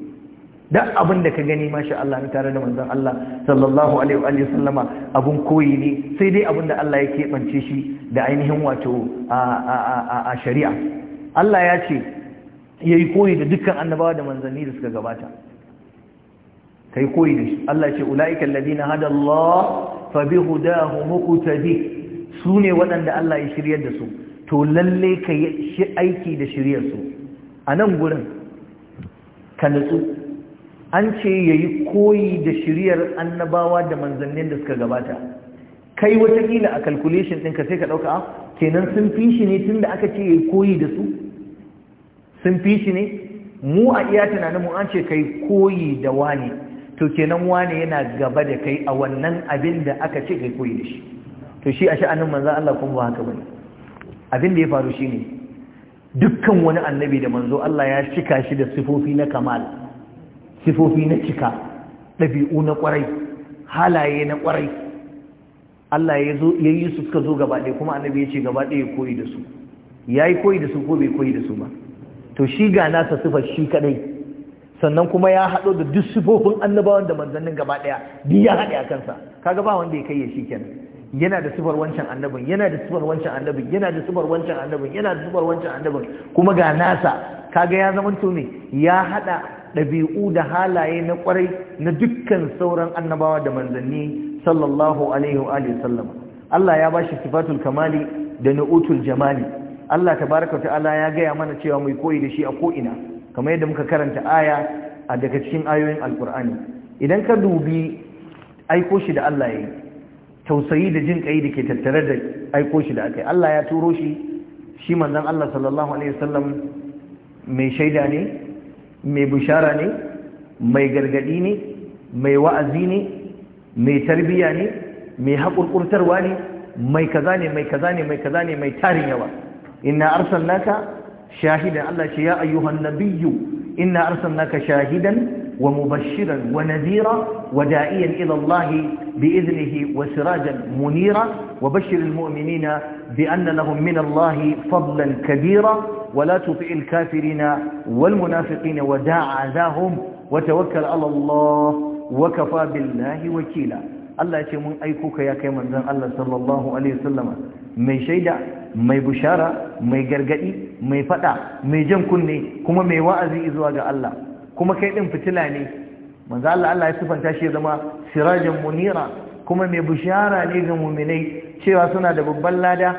duk abin da ka gani masha Allah ni tare da manzon Allah sallallahu alaihi wa sallama abun koyi ne sai dai abin da Allah ya keɓance shi da ainihin wato a shari'a Allah ya ce Yayi yi koyi da dukkan annabawa da manzanni da suka gabata ka yi koyi da shi Allah ce ula'ikan ladina hada Allah fa bi hudahu muqtadi su ne waɗanda Allah ya shiryar da su to lalle ka yi aiki da shiryar su a nan gurin ka nutsu an ce ya yi koyi da shiryar annabawa da manzannin da suka gabata kai wata watakila a calculation ka sai ka ɗauka ah, kenan sun fi shi ne tunda aka ce ya yi koyi da su sun fi shi ne mu a iya tunanin mu an ce kai koyi da wani to kenan wani yana gaba da kai a wannan abin da aka ce kai koyi da shi to shi a sha'anin manzo Allah kun ba haka bane abin da ya faru shi ne. dukkan wani annabi da manzo Allah ya cika shi da sifofi na kamal sifofi na cika ɗabi'u na ƙwarai halaye na ƙwarai Allah ya zo yayi su suka zo gaba ɗaya kuma annabi ya ce gaba ɗaya koyi da su yayi koyi da su ko bai koyi da su ba to shi ga nasa sifar shi kadai sannan kuma ya haɗo da duk sifofin annabawan da manzannin gaba ɗaya duk ya haɗe a kansa kaga ba wanda ya kai ya shi kenan yana da sifar wancan annabin yana da sifar wancan annabin yana da sifar wancan annabin yana da sifar wancan annabin kuma ga nasa kaga ya zama ne ya haɗa ɗabi'u da halaye na kwarai na dukkan sauran annabawa da manzanni sallallahu alaihi wa sallam Allah ya bashi sifatul kamali da nu'utul jamali Allah tabaraka ta'ala ya gaya mana cewa mai koyi da shi a ko'ina kamar yadda muka karanta aya a daga cikin ayoyin alkur'ani idan ka dubi aiko shi da Allah ya yi tausayi da jin kai da ke tattare da aiko shi da aka yi Allah ya turo shi shi manzon Allah sallallahu alaihi wasallam mai shaida ne mai bishara ne mai gargaɗi ne mai wa'azi ne mai tarbiyya ne mai haƙurƙurtarwa ne mai kaza ne mai kaza ne mai kaza ne mai tarin yawa إنا أرسلناك شاهدا الله يا أيها النبي إنا أرسلناك شاهدا ومبشرا ونذيرا وداعيا إلى الله بإذنه وسراجا منيرا وبشر المؤمنين بأن لهم من الله فضلا كبيرا ولا تطع الكافرين والمنافقين وداع عذاهم وتوكل على الله وكفى بالله وكيلا الله يتمنى أيكوك يا كيمان الله صلى الله عليه وسلم من شيدا mai bushara mai gargadi mai fada mai jan kunne kuma mai wa'azi zuwa ga Allah kuma kai din fitila ne manzo Allah Allah ya sifanta shi zama sirajan munira kuma mai bushara ne ga mu'minai cewa suna da babban lada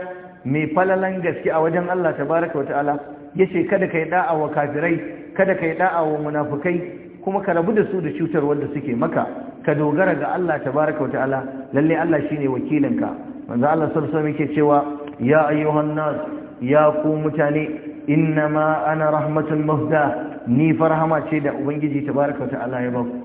mai falalan gaske a wajen Allah tabaraka wataala yace kada kai da'a wa kafirai kada kai da'a wa munafikai kuma ka rabu da su da cutar wanda suke maka ka dogara ga Allah tabaraka wataala lalle Allah shine wakilinka manzo Allah sallallahu alaihi wasallam yake cewa ya ayyuhan ya ku mutane innama ana rahmatul mafda ni farhama ce da ubangiji tabaraka wa ta'ala ya baku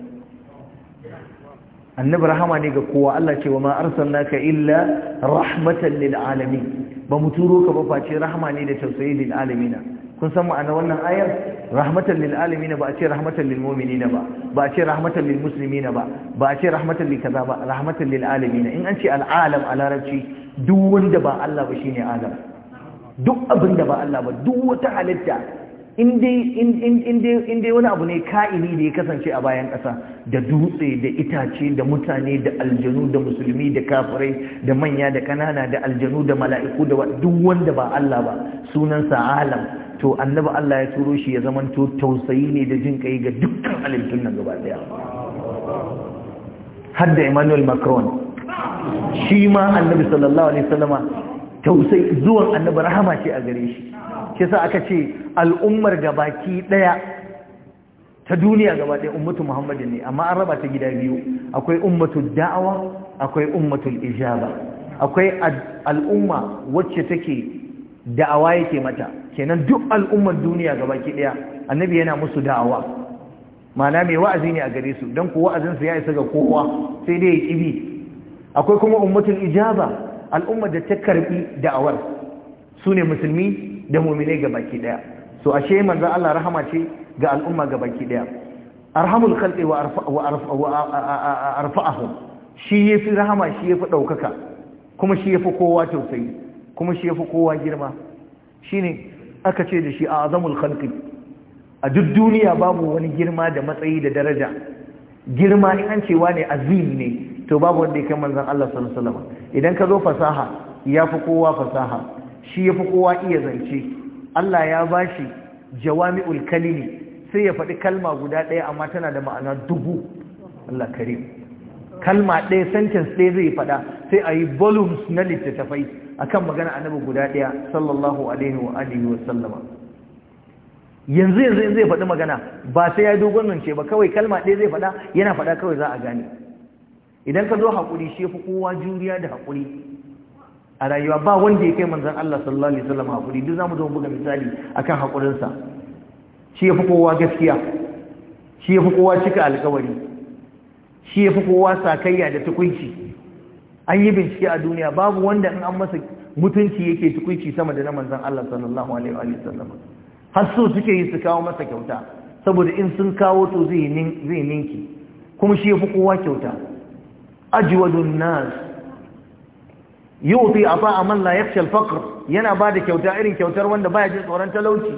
annabi rahama ne ga kowa Allah ce wa ma arsalnaka illa rahmatan lil alamin ba mu turo ka ba face rahama ne da tausayi lil alamina. kun san ma'ana wannan ayar rahmatan lil alamin ba a ce rahmatan lil mu'minina ba ba a ce rahmatan lil muslimina ba ba a ce rahmatan lil kaza ba rahmatan lil na. in an ce al alam a larabci duk wanda ba Allah ba shine alam duk abin da ba Allah ba duk wata halitta in dai wani abu ne ka'ini da ya kasance a bayan ƙasa da dutse da itace da mutane da aljanu da musulmi da kafirai da manya da kanana da aljanu da mala'iku da duk wanda ba Allah ba sunansa alam to annabi Allah ya turo shi ya zamanto tausayi ne da jin kai ga dukkan halittun nan gaba daya har Emmanuel Macron shi ma annabi sallallahu alaihi wasallama tausayi zuwan annabi rahama ce a gare shi shi sa aka ce al'ummar gabaki daya ta duniya gaba daya ummatu Muhammadin ne amma an raba ta gida biyu akwai ummatu da'awa akwai ummatu ijaba akwai al'umma wacce take da'awa yake mata kenan duk al'ummar duniya gabaki daya annabi yana musu da'awa mana mai wa'azi ne a gare su don ko wa'azin ya isa ga kowa sai dai ya kibi akwai kuma ummatul ijaba al'ummar da ta karbi da'awar su ne musulmi da mu'minai gabaki daya so ashe manzan Allah rahama ce ga al'umma gabaki daya arhamul khalqi wa arfa'ahum shi yafi rahama shi yafi daukaka kuma shi yafi kowa tausayi kuma shi yafi kowa girma shine aka ce da shi a azamul khalqi a duk duniya babu wani girma da matsayi da daraja girma in an cewa ne azim ne to babu wanda ya kai manzon Allah sallallahu alaihi wasallam idan ka zo fasaha ya fi kowa fasaha shi ya fi kowa iya zance Allah ya ba shi jawami'ul kalimi sai ya faɗi kalma guda ɗaya amma tana da ma'ana dubu Allah karim kalma ɗaya sentence ɗaya zai faɗa sai a yi volumes na littattafai akan magana annabi guda daya sallallahu alaihi wa alihi wa sallama yanzu yanzu zai faɗi magana ba sai ya dogon ce ba kawai kalma ɗaya zai faɗa yana faɗa kawai za a gane idan ka zo haƙuri shi fi kowa juriya da haƙuri a rayuwa ba wanda ya kai manzon Allah sallallahu alaihi wasallam haƙuri duk zamu zo buga misali akan haƙurinsa shi ya fi kowa gaskiya shi ya fi kowa cika alƙawari shi ya fi kowa sakayya da tukunci an yi bincike a duniya babu wanda in an masa mutunci yake tukuici sama da na manzan Allah sallallahu alaihi wa sallam har so suke yi su kawo masa kyauta saboda in sun kawo to zai zai ninki kuma shi yafi kowa kyauta ajwadun nas yuti ata'a man la yakhsha al-faqr yana bada kyauta irin kyautar wanda baya jin tsoron talauci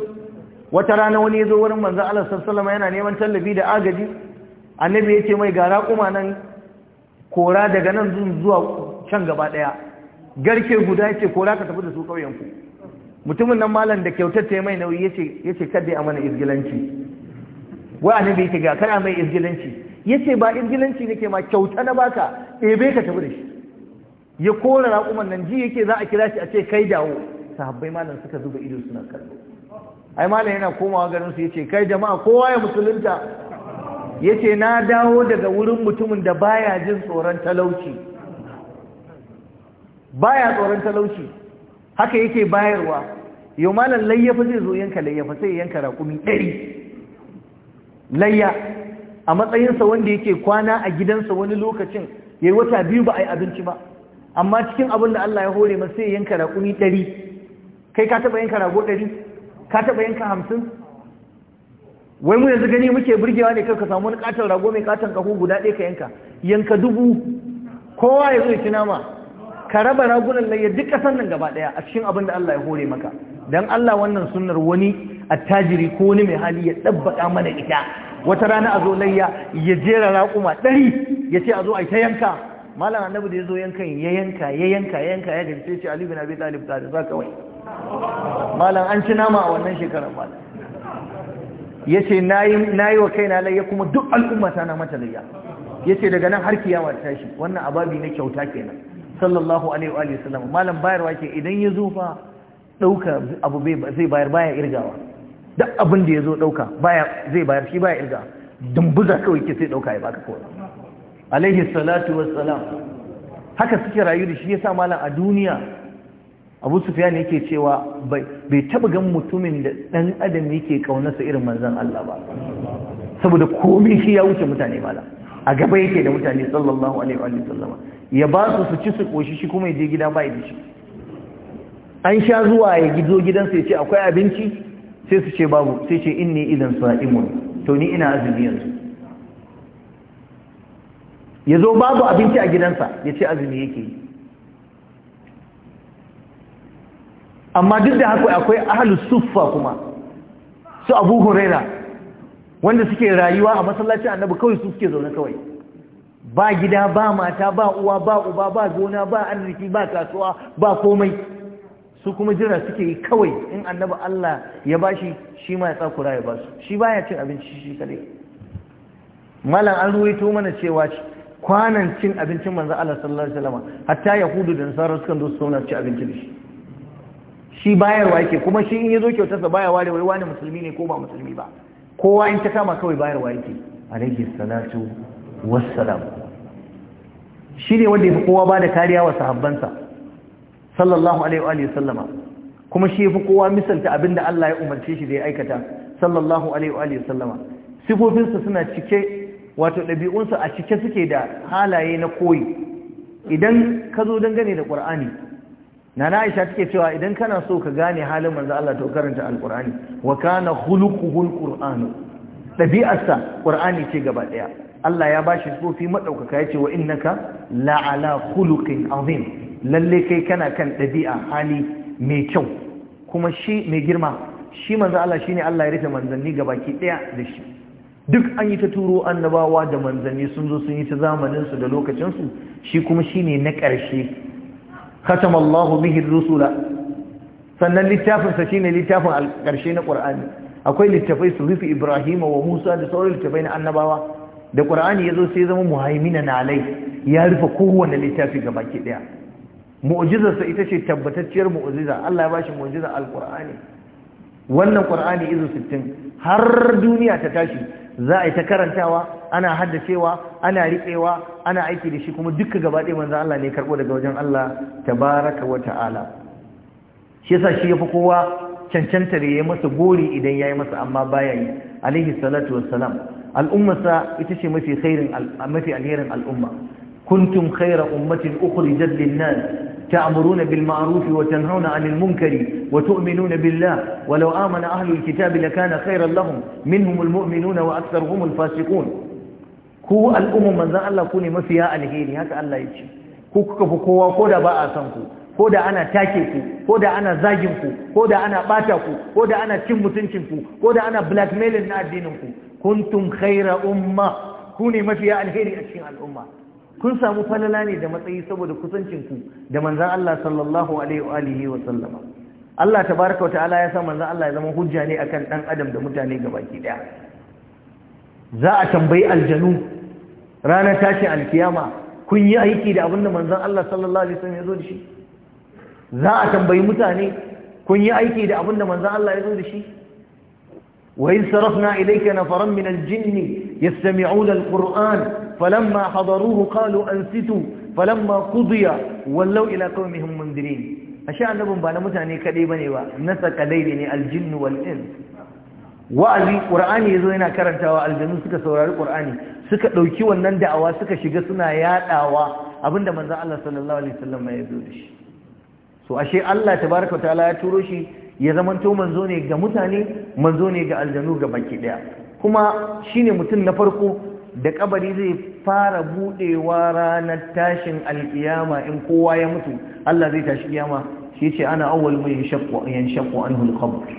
wata rana wani yazo wurin manzan Allah sallallahu alaihi wa sallam yana neman tallafi da agaji annabi yace mai gara kuma nan kora daga nan zuwa can gaba daya garke guda yake kora ka tafi da su kauyen ku mutumin nan malam da kyautar ta mai nauyi yace yace kada a mana izgilanci wai annabi yake ga kana mai izgilanci yace ba izgilanci nake ma kyauta na baka ebe ka tafi da shi ya kora raƙuman nan ji yake za a kira shi a ce kai dawo sahabbai malam suka zuba ido suna kallo ai malam yana komawa garin su yace kai jama'a kowa ya musulunta yace na dawo daga wurin mutumin da baya jin tsoron talauci baya tsoron talauci haka yake bayarwa yau malam layyafa zai zo yanka layyafa sai yanka rakumi ɗari layya a matsayinsa wanda yake kwana a gidansa wani lokacin ya yi wata biyu ba a yi abinci ba amma cikin abin da Allah ya hore masa sai yanka raƙumi ɗari kai ka taɓa yanka rago ɗari ka taɓa yanka hamsin wai mu yanzu gani muke burgewa ne kai ka samu wani katon rago mai katon kaho guda ɗaya ka yanka yanka dubu kowa ya zo ya ci nama ka raba ragunan layya duk ƙasar nan gaba ɗaya a cikin abin da Allah ya hore maka dan Allah wannan sunnar wani attajiri ko wani mai hali ya dabbaka mana ita wata rana a zo layya ya jera raƙuma ɗari ya ce a zo a ta yanka malam annabi da ya zo yankan ya yanka ya yanka ya yanka ya gaji sai ce Ali bin Abi Talib da za wai malam an ci nama a wannan shekarar malam yace nayi wa kaina laye kuma duk al'umma ta na mata layya yace daga nan har kiyama ta shi wannan ababi na kyauta kenan sallallahu alaihi wa alihi wasallam malam bayarwa ke idan ya zo fa dauka abu bai zai bayar baya irgawa duk abin da ya zo dauka baya zai bayar shi baya irgawa dumbuza kawai ke sai dauka ya baka kowa alaihi salatu wassalam haka suke rayu da shi yasa malam a duniya abu sufyan yake cewa bai taba gan mutumin da dan adam yake kaunarsa irin manzon Allah ba saboda komai shi ya wuce mutane mala a gaba yake da mutane sallallahu alaihi wa sallam ya ba su su ci su koshi shi kuma ya je gida bai ya shi an sha zuwa ya gizo gidansa ya ce akwai abinci sai su ce babu sai ce inni idan sa'imun to ni ina azumi yanzu ya zo babu abinci a gidansa ya ce azumi yake yi amma duk da haka akwai ahlus suffa kuma su abu huraira wanda suke rayuwa a masallacin annabi kawai su suke zaune kawai ba gida ba mata ba uwa ba uba ba gona ba arziki ba kasuwa ba komai su kuma jira suke yi kawai in annabi Allah ya bashi shi ma ya tsakura ya basu shi baya cin abinci shi kadai malam an ruwaito mana cewa kwanan cin abincin manzo Allah sallallahu alaihi wasallam hatta yahudu da nasara sukan zo su zauna ci abinci da shi shi bayarwa yake kuma shi in yazo kyautarsa baya ware wai wani musulmi ne ko ba musulmi ba kowa in ta kama kawai bayarwa yake alaihi salatu wassalam shi ne wanda ya fi kowa ba da kariya wa sahabbansa sallallahu alaihi wa sallama kuma shi ya fi kowa misalta abinda Allah ya umarce shi da ya aikata sallallahu alaihi wa sallama sifofinsa suna cike wato ɗabi'unsa a cike suke da halaye na koyi idan ka zo dangane da ƙur'ani nana aisha take cewa idan kana so ka gane halin manzo Allah to karanta alqur'ani wa kana khuluquhul qur'an dabi'arsa qur'ani ce gaba daya Allah ya bashi sofi madaukaka yace wa innaka la'ala khuluqin azim lalle kai kana kan dabi'a hali mai kyau kuma shi mai girma shi manzo Allah shine Allah ya rufe manzanni gabaki daya da shi duk an yi ta turo annabawa da manzanni sun zo sun yi ta zamanin su da lokacin su shi kuma shine na ƙarshe khatama Allah bihi rusula sannan littafin sa shine littafin karshe na Qur'ani akwai littafai sulufi Ibrahim wa Musa da sauran littafai na annabawa da Qur'ani yazo sai zama na alai ya rufe kowanne littafi gabaki daya mu'jizarsa ita ce tabbatacciyar mu'jiza Allah ya bashi mu'jiza al-Qur'ani wannan Qur'ani izu 60 har duniya ta tashi za a yi ta karantawa ana haddacewa ana riƙewa ana aiki da shi kuma duka gaba ɗaya Allah ne karɓo daga wajen Allah tabaraka wa ta'ala shi yasa shi fi kowa cancanta da ya masa gori idan ya yi masa amma bayan. yi alaihi salatu wassalam al'ummarsa ita ce mafi mafi alherin al'umma kuntum khaira ummatin ukhrijat lin-nas تأمرون بالمعروف وتنهون عن المنكر وتؤمنون بالله ولو آمن أهل الكتاب لكان خيرا لهم منهم المؤمنون وأكثرهم الفاسقون كو الأم من ذا الله كوني مسياء الهيري هكا الله يجي كو كفكوا كودا بأسانكو كودا أنا تاكيكو كودا أنا زاجمكو كودا أنا باتاكو كودا أنا تشمتنشمكو كودا أنا بلاك ميلن أدينكو كنتم خير أمة كوني مسياء الهيري أشياء الأمة kun samu falala ne da matsayi saboda kusancinku da manzan Allah sallallahu alaihi wa sallama Allah tabaraka ta'ala ya sa manzan Allah ya zama hujja ne akan dan adam da mutane gabaki daya za a tambayi aljanu ranar tashin alkiyama kun yi aiki da abinda manzan Allah sallallahu alaihi wasallam ya zo da shi za a tambayi mutane kun yi aiki da abinda manzan Allah ya zo da shi wa in sarafna ilayka nafaran min aljinni yastami'una alquran فلما حضروه قالوا أنستوا فلما قضي ولوا إلى قومهم منذرين أشياء ba? Na متعني كليبني ne, aljin wal والإنس wa'azi qur'ani yazo yana karantawa aljannu suka saurari qur'ani suka dauki wannan da'awa suka shiga suna yadawa abinda manzon Allah sallallahu alaihi wasallam ya zo da shi so ashe Allah tabaaraka ta'ala ya turo shi ya zamanto manzo ne ga mutane manzo ne ga aljannu ga baki daya kuma shine mutum na farko da kabari zai fara budewa ranar tashin alkiyama in kowa ya mutu Allah zai tashi kiyama shi ce ana awwal mai yan shakku anhu alqabr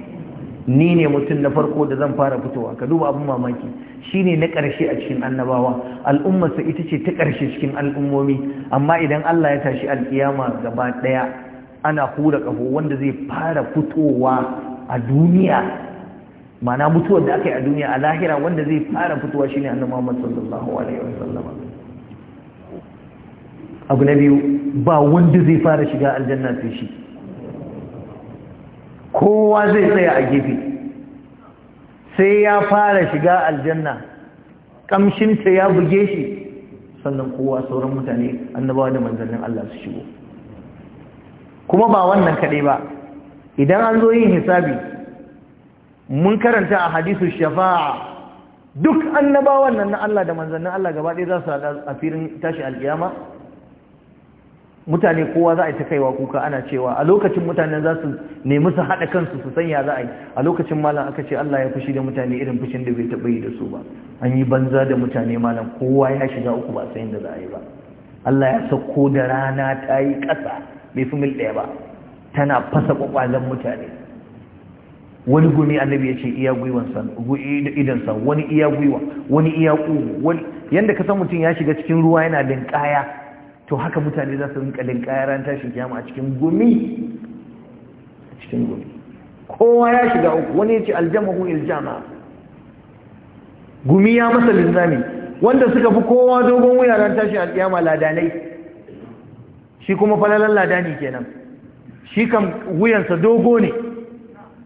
ni ne mutum na farko da zan fara fitowa ka duba abin mamaki Shi ne na karshe a cikin annabawa al'umma sa ita ce ta karshe cikin al'ummomi amma idan Allah ya tashi alkiyama gaba daya ana hura kafo wanda zai fara fitowa a duniya ma'ana mutuwar da aka yi a duniya a lahira wanda zai fara fitowa shine annabi Muhammad sallallahu alaihi wasallam abu na biyu ba wanda zai fara shiga aljanna sai shi kowa zai tsaya a gefe sai ya fara shiga aljanna kamshinta ya buge shi sannan kowa sauran mutane annabawa da manzannin Allah su shigo kuma ba wannan kaɗai ba idan an zo yin hisabi mun karanta a hadisu shafa'a duk annabawan nan na Allah da manzannin Allah gaba ɗaya za su haɗa a firin tashi alƙiyama mutane kowa za a yi ta kaiwa kuka ana cewa a lokacin mutanen za su nemi su haɗa kansu su sanya za a yi a lokacin malam aka ce Allah ya fushi da mutane irin fushin da bai taɓa yi da su ba an yi banza da mutane malam kowa ya shiga uku ba sayin da za a yi ba Allah ya sauko da rana ta yi ƙasa bai fi mil ɗaya ba tana fasa ƙwaƙwalen mutane wani gumi annabi ya ce iya gwiwansa idansa wani iya gwiwa wani iya ƙugu wani yadda ka san mutum ya shiga cikin ruwa yana linkaya to haka mutane za su rinka linkaya ran tashin kiyama a cikin gumi a cikin gumi kowa ya shiga uku wani ya ce aljamahu iljama gumi ya masa linzami wanda suka fi kowa dogon wuya ran tashin alƙiyama ladanai shi kuma falalan ladani kenan shi kam wuyansa dogo ne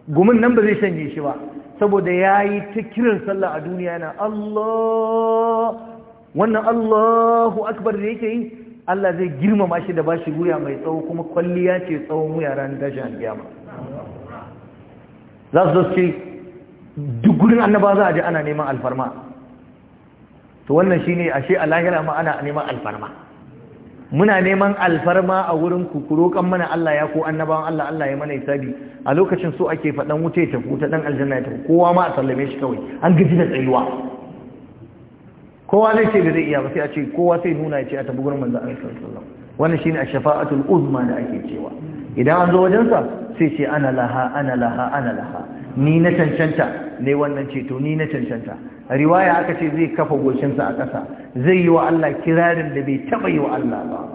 gumin nan ba zai shanye shi ba saboda ya yi ta kiran sallah a duniya yana Allah wannan Allahu akbar da yake yi Allah zai girmama shi da bashi wuya mai tsawo kuma kwalliya ce tsawon wuya ran tashin alƙiyama za su ce duk gurin annaba za a ji ana neman alfarma to wannan shine ashe a lahira ma ana neman alfarma muna neman alfarma a wurin ku mana Allah ya ko annabawan Allah Allah ya mana isabi a lokacin so ake faɗan wuta ta wuta dan aljanna ta kowa ma a sallame shi kawai an gaji da tsayuwa kowa zai ce da zai iya ba sai a ce kowa sai nuna ya ce a tabi gurin manzo Allah sallallahu alaihi wasallam wannan shine ash-shafa'atul uzma da ake cewa idan an zo wajensa sai ce ana laha ana laha ana laha ni na cancanta ne wannan ceto ni na cancanta riwaya aka ce zai kafa goshinsa a ƙasa zai yi wa Allah kirarin da bai taɓa yi wa Allah ba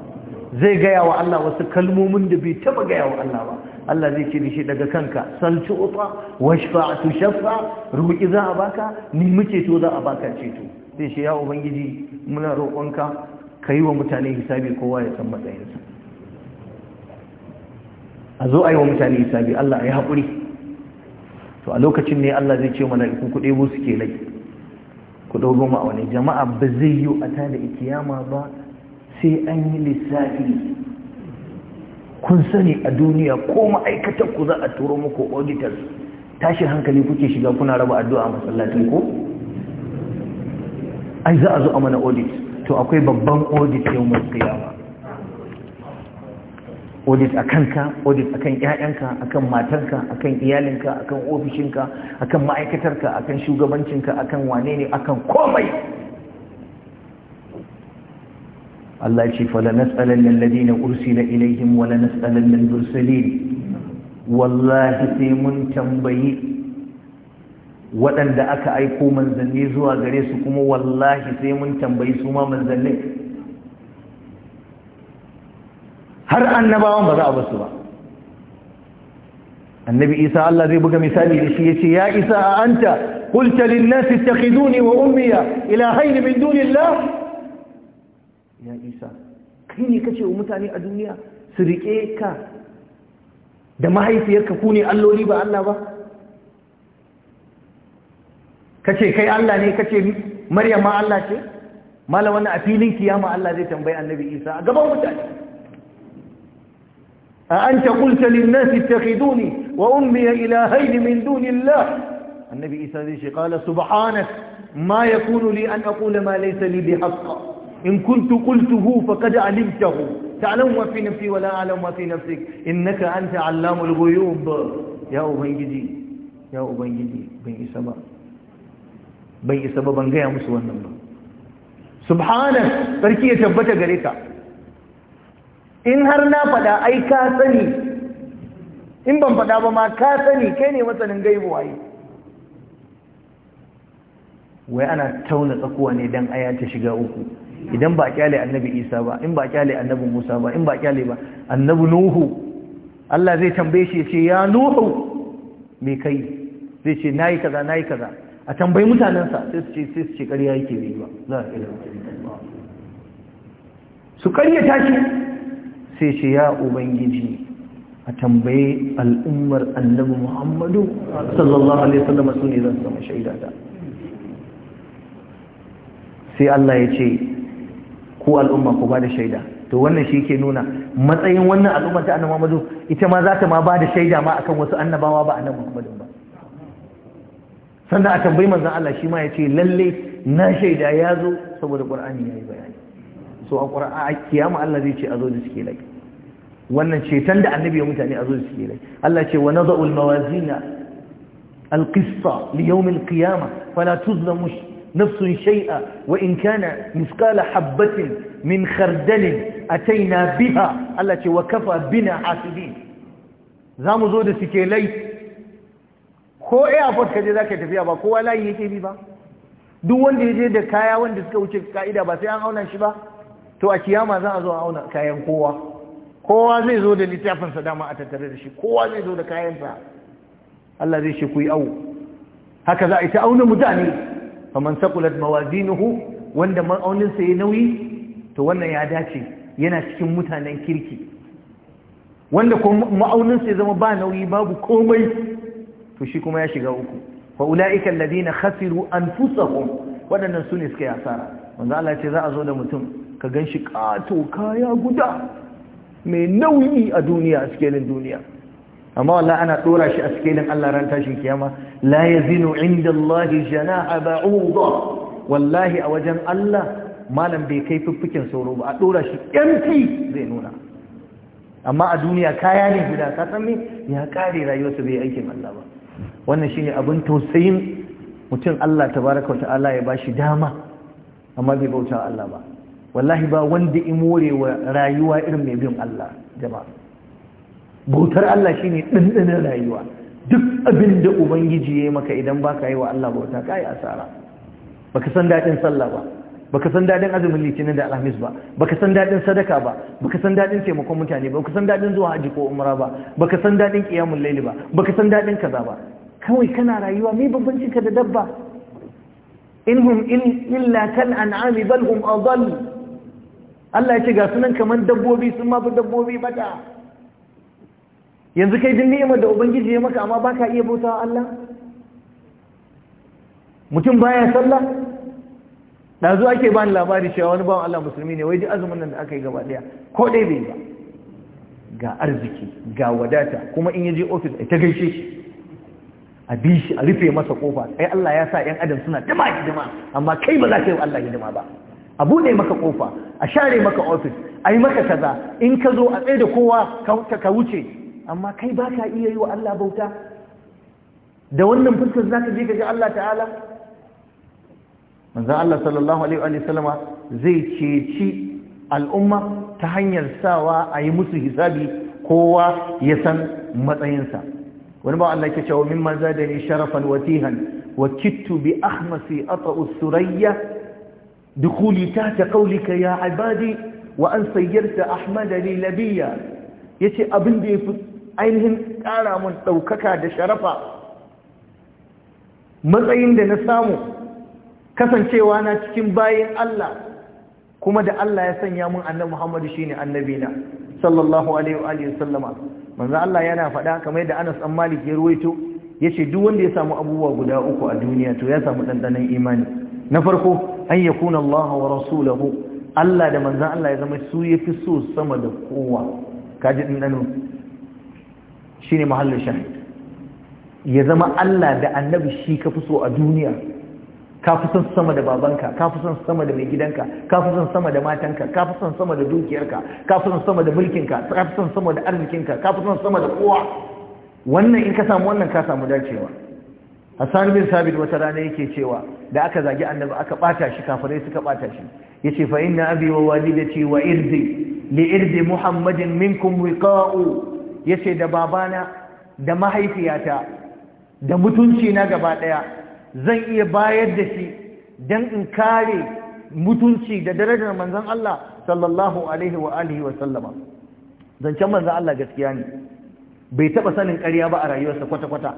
zai gaya wa Allah wasu kalmomin da bai taɓa gaya wa Allah ba Allah zai ce shi daga kanka salci utsa washfa'atu shafa roki za a baka ni mu ceto za a baka ceto zai ce ya ubangiji muna roƙonka yi wa mutane hisabi kowa ya san matsayinsa a zo a yi wa mutane hisabi Allah ya haƙuri to a lokacin ne Allah zai ce mana ku kuɗe suke lai ku dogo ma wani jama'a ba zai yi a tada ikiyama ba sai an yi lissafi kun sani a duniya ko ma'aikatar ku za a turo muku auditors tashin hankali kuke shiga kuna raba addu'a a masallatin ku? ai za a zo a mana audit to akwai babban audit yau mai kiyama audit a kanka audit a kan ‘ya'yanka a kan matarka a kan iyalinka a kan ofishinka a kan ma'aikatarka a kan shugabancinka a kan wane ne a kan komai Allah ce fa lanas'alan na ursila ilaihim wa lanas'alan lal mursalin wallahi sai mun tambayi waɗanda aka aiko manzanni zuwa gare su kuma wallahi sai mun tambayi su ma manzannin har annabawan ba za a basu ba annabi isa Allah zai buga misali da shi yace ya isa a anta qulta lin nas ittakhiduni wa ummiya haini min dunillah ya isa kai ne kace wa mutane a duniya su rike ka da mahaifiyarka ku ne alloli ba Allah ba kace kai Allah ne kace Maryam ma Allah ce mala wannan a filin kiyama Allah zai tambayi annabi Isa a gaban mutane أأنت قلت للناس اتخذوني وأمي إلهين من دون الله النبي إيسا ديشي قال سبحانك ما يكون لي أن أقول ما ليس لي بحق إن كنت قلته فقد علمته تعلم ما في نفسي ولا أعلم ما في نفسك إنك أنت علام الغيوب يا جدي يا أبنجدي بن إسما بن إسما بن غير مسوى النمبر سبحانك تركية تبت غريكا in har na faɗa ai ka sani in ban faɗa ba ma ka sani kai ne masanin gaibu waye wai ana tauna tsakuwa ne dan aya ta shiga uku idan ba kyale annabi isa ba in ba kyale annabi musa ba in ba kyale ba annabi nuhu Allah zai tambaye shi ya ce ya nuhu me kai zai ce nayi kaza nayi kaza a tambayi mutanensa sai su ce sai su ce ƙarya yake yi ba za a ƙarya su ƙarya ta sai ce ya ubangiji a tambaye al'ummar annabi muhammadu sallallahu alaihi wasallam su ne zan zama shaidata sai Allah ya ce ku al'umma ku ba da shaida to wannan shi ke nuna matsayin wannan al'ummar ta annabi muhammadu ita ma za ta ma ba da shaida ma akan wasu annabawa ba annabi muhammadu ba sannan a tambayi manzon Allah shi ma ya ce lalle na shaida ya zo saboda qur'ani yayi bayani so a ƙura'a a kiyama Allah zai ce a zo da suke lai wannan tan da annabi ya mutane a zo da suke lai Allah ce wa za'ul mawazina alqista li kiyama. fana fala tuzlamu nafsun shay'a wa in kana misqala habatin min khardalin ataina biha Allah ce wa kafa bina Za mu zo da suke lai ko airport kaje zaka tafiya ba kowa layi yake bi ba duk wanda ya je da kaya wanda suka wuce ka'ida ba sai an auna shi ba to a kiyama za a zo a auna kayan kowa kowa zai zo da littafinsa dama a tattare da shi kowa zai zo da kayansa Allah zai shi ku yi awo haka za a yi ta auna mutane faman saqulat mawazinuhu wanda ma'auninsa ya nauyi to wannan ya dace yana cikin mutanen kirki wanda kuma ma'auninsa ya zama ba nauyi babu komai to shi kuma ya shiga uku fa ulaika alladhina khasiru anfusahum wadannan sune suka yi asara manzo Allah ce za a zo da mutum ka gan shi ƙato kaya guda mai nauyi a duniya a sikelin duniya amma wallahi ana dora shi a sikelin Allah ran tashin kiyama la yazinu inda Allah janaha ba'udha wallahi a wajen Allah malam bai kai fuffukin sauro ba a dora shi empty zai nuna amma a duniya kaya ne guda ka san me ya kare rayuwarsa bai aikin Allah ba wannan shine abin tausayin mutum Allah tabaraka wa ta'ala ya bashi dama amma bai bauta Allah ba wallahi ba wanda in more wa rayuwa irin mai bin Allah jama'a bautar Allah shine dindinan rayuwa duk abin da ubangiji ya maka idan baka yi wa Allah bauta kai asara baka san dadin sallah ba baka san dadin azumin litinin da alhamis ba baka san dadin sadaka ba baka san dadin taimakon mutane ba baka san dadin zuwa haji ko umra ba baka san dadin qiyamul layli ba baka san dadin kaza ba kawai kana rayuwa me babban ka da dabba inhum illa kan an'ami bal hum adall Allah ya ce ga sunan kaman dabbobi sun ma fi dabbobi bata yanzu kai din ni'imar da ubangiji ya maka amma baka iya bautawa Allah mutum baya sallah dazu ake bani labari cewa wani bawan Allah musulmi ne wai ji azumin nan da aka yi gaba daya ko dai bai ba ga arziki ga wadata kuma in yaje office ai ta gaishe shi a bi shi a rufe masa kofa kai Allah ya sa ƴan adam suna dama hidima amma kai ba za ka yi Allah hidima ba a bude maka kofa a share maka ofis a yi maka kaza in ka zo a tsaye da kowa ka wuce amma kai ba ka iya yi wa Allah bauta da wannan fuskar za ka je ka ji Allah ta'ala manzan Allah sallallahu Alaihi sallama zai ceci al'umma ta hanyar sawa a yi musu hisabi kowa ya san matsayinsa wani ba Allah ke cewa min ma sharafan watihan wa kittu bi ahmasi ata'u surayya dukhuli tahta qawlika ya ibadi wa an sayyarta ahmada li labiya ce abin da ya fi ainihin ƙara mun ɗaukaka da sharafa matsayin da na samu kasancewa na cikin bayan Allah kuma da Allah ya sanya mun annabi Muhammadu shine annabina sallallahu alaihi wa alihi sallama manzo Allah yana faɗa kamar yadda Anas an Malik ya ruwaito yace duk wanda ya samu abubuwa guda uku a duniya to ya samu dandanan imani na farko an yakuna Allah wa rasuluhu Allah da manzo Allah ya zama su yafi so sama da kowa kaji dandano shine mahallin shahid ya zama Allah da annabi shi kafi so a duniya ka fi son sama da babanka ka fi son sama da mai gidanka ka fi son sama da matanka ka fi son sama da dukiyarka ka fi son sama da mulkinka ka fi son sama da arzikinka ka fi son sama da kowa wannan in ka samu wannan ka samu dacewa Hassan bin Sabit wata rana yake cewa da aka zagi annabi aka bata shi kafirai suka bata shi yace fa inna abi wa walidati wa irdi li irdi muhammadin minkum wiqa'u yace da babana da mahaifiyata da mutunci na gaba daya zan iya bayar da shi don in kare mutunci da darajar manzan Allah sallallahu alaihi wa alihi wa sallama zancen manzan Allah gaskiya ne bai taba sanin ƙarya ba a rayuwarsa kwata-kwata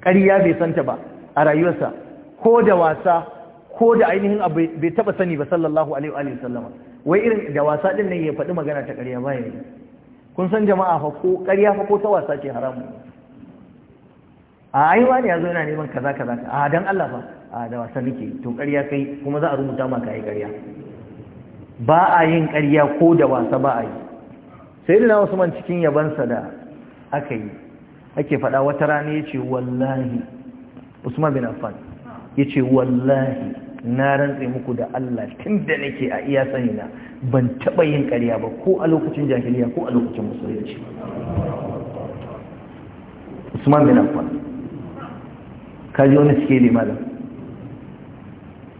ƙarya bai santa ba a rayuwarsa ko da wasa ko da ainihin abu bai taba sani ba sallallahu alaihi wa sallama wai irin da wasa ɗin nan ya faɗi magana ta ƙarya ba yi kun san jama'a fa ko ƙarya fa ko ta wasa ce haramun a aiwa ne ya zo yana neman kaza kaza a dan Allah fa a da wasan nake to ƙarya kai kuma za a rubuta maka yi ƙarya ba a yin ƙarya ko da wasa ba a yi sai da Usman cikin yabansa da aka yi ake faɗa wata rana ya ce wallahi Usman bin Affan ya ce wallahi na rantse muku da Allah tun da nake a iya sani na ban taɓa yin ƙarya ba ko a lokacin jahiliya ko a lokacin musulunci Usman bin Affan ka ji wani suke ne malam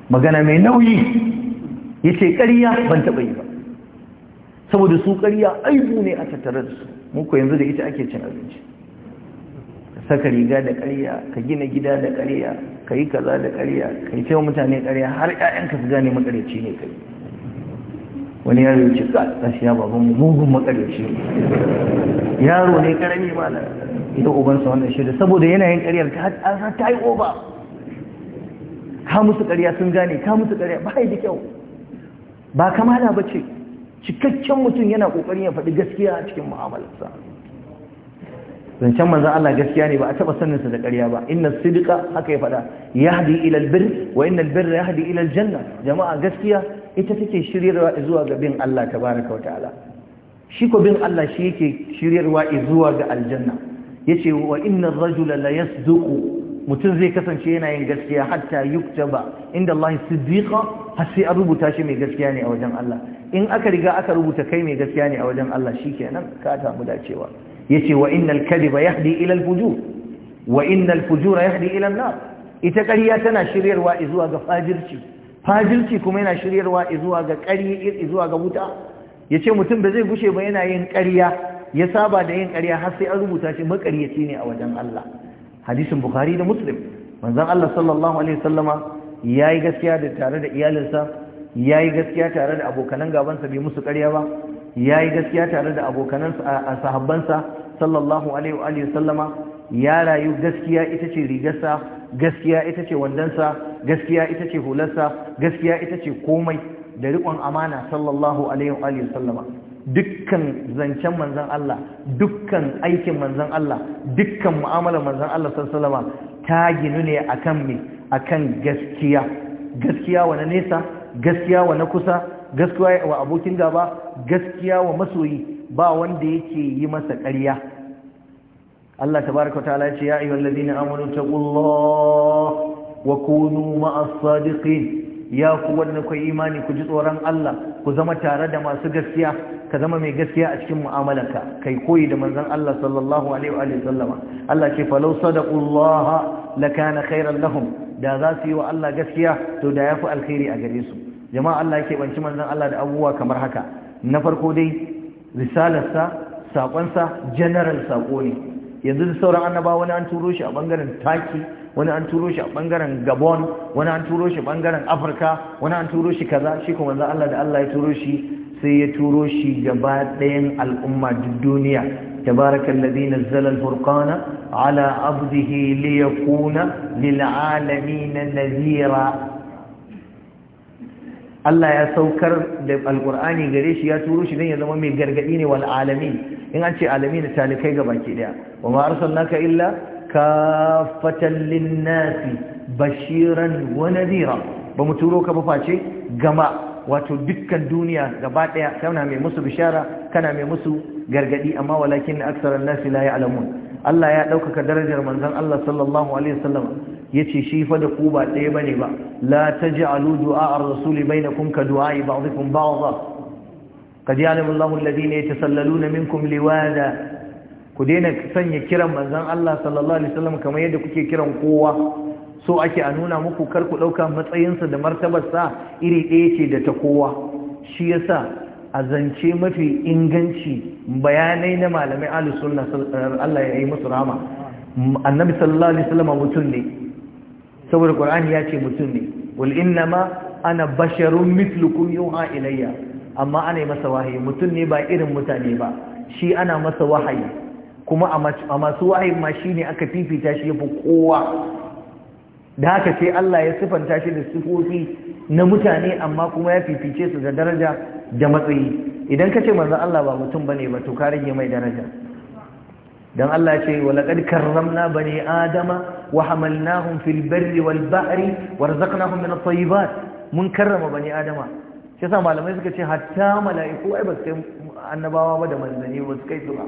magana mai nauyi ya ce ƙarya ban taɓa yi ba saboda su ƙarya aibu ne a tattare da su muku yanzu da ita ake cin abinci ka saka riga da ƙarya ka gina gida da ƙarya ka yi kaza da ƙarya ka yi cewa mutane ƙarya har 'ya'yanka su gane makareci ne kai wani yaro ya ce ka shi ya baban mugun makaryaci yaro ne karami na ita ubansa wannan shida saboda yanayin karyar ta ta yi oba ka musu karya sun gane ka musu karya ba da kyau ba kamala ba ce cikakken mutum yana ƙoƙarin ya faɗi gaskiya cikin mu'amalarsa zancen manzan Allah gaskiya ne ba a taba saninsa da ƙarya ba inna sidika haka ya faɗa yahdi ila albir wa inna albirra yahdi ila aljanna jama'a gaskiya ita take shiryarwa zuwa ga bin Allah tabaraka wataala shi ko bin Allah shi yake shiryarwa zuwa ga aljanna yace wa inna ar-rajula la yasduqu mutum zai kasance yana yin gaskiya hatta yuktaba inda Allah siddiqa har sai an rubuta shi mai gaskiya ne a wajen Allah in aka riga aka rubuta kai mai gaskiya ne a wajen Allah shikenan ka ta mu dacewa yace wa innal kadhiba yahdi ila al fujur wa innal fujura yahdi ila an ita karya tana shiryarwa zuwa ga fajirci fajirci kuma yana shiryarwa zuwa ga ƙarya zuwa ga wuta yace mutum ba zai gushe ba yana yin ƙarya ya saba da yin karya har sai an rubuta shi maƙaryaci ne a wajen Allah hadisin bukhari da muslim manzon Allah sallallahu alaihi wasallama yayi gaskiya da tare da iyalinsa yayi gaskiya tare da abokanan gabansa bai musu karya ba yayi gaskiya tare da abokanansa a sahabbansa sallallahu alaihi wa alihi sallama ya rayu gaskiya ita ce rigarsa gaskiya ita ce wandansa gaskiya ita ce hularsa gaskiya ita ce komai da rikon amana sallallahu alaihi wa alihi sallama dukkan zancen manzon Allah dukkan aikin manzon Allah dukkan mu'amalar manzon Allah sallallahu ta ginu ne akan me akan gaskiya gaskiya wa na nesa gaskiya wa na kusa gaskiya wa abokin gaba gaskiya wa masoyi ba wanda yake yi masa ƙarya Allah tabaaraka ta'ala ya ce ya ayyuhal ladina amanu taqullaha wa kunu ma'as sadiqin ya ku wanda ku imani ku ji tsoron Allah ku zama tare da masu gaskiya ka zama mai gaskiya a cikin mu'amalarka kai koyi da manzon Allah sallallahu alaihi wa sallama Allah ce falau sadaqullaha lakana khairan lahum da za su yi wa Allah gaskiya to da yafi alkhairi a gare su jama'a Allah yake banci manzon Allah da abubuwa kamar haka na farko dai risalarsa saƙonsa general saƙo ne yanzu da sauran annaba wani an turo shi a ɓangaren taki wani an turo shi a ɓangaren gabon wani an turo shi ɓangaren afirka wani an turo shi kaza shi kuma manzon Allah da Allah ya turo shi sai ya turo shi gaba ɗayan al'umma duk duniya tabarakan ladina zalal furqana ala abdihi liyakuna lil'alamin nazira Allah ya saukar da alkur'ani gare shi ya turo shi don ya zama mai gargadi ne wal alamin in an ce alamin da talikai ga baki daya wa ma arsalnaka illa kafatan nasi bashiran wa nadira ba mu turo ka ba face gama wato dukkan duniya gaba daya kana mai musu bishara kana mai musu gargadi amma walakin aktsaran nasi la ya'lamun Allah ya ɗaukaka darajar manzon Allah sallallahu alaihi wasallam yace shi fa da ku ba ɗaya bane ba la taj'alu du'a ar-rasul bainakum ka du'a ba'dikum ba'dha qad ya'lamu Allahu alladhina yatasallaluna minkum liwada ku daina sanya kiran manzon Allah sallallahu alaihi wasallam kamar yadda kuke kiran kowa so ake a nuna muku kar ku dauka matsayinsa da sa iri ɗaya ce da ta kowa shi yasa a zance mafi inganci bayanai na malamai ahlus sunna Allah ya yi musu rama. annabi sallallahu alaihi wasallam mutum ne saboda qur'ani ya ce mutum ne wal innama ana basharun mithlukum yuha ilayya amma ana masa wahayi mutum ne ba irin mutane ba shi ana masa wahayi kuma a masu wahayin ma shine aka fifita shi yafi kowa da haka sai Allah ya sifanta shi da sifofi na mutane amma kuma ya fifice su da daraja da matsayi idan ka ce manzon Allah ba mutum bane ba to ka rage mai daraja dan Allah ce wa laqad karramna bani adama wa hamalnahum fil barri wal bahri warzaqnahum min at-tayyibat mun karrama bani adama shi yasa malamai suka ce hatta mala'iku ai ba sai annabawa ba da manzanni ba su kai su ba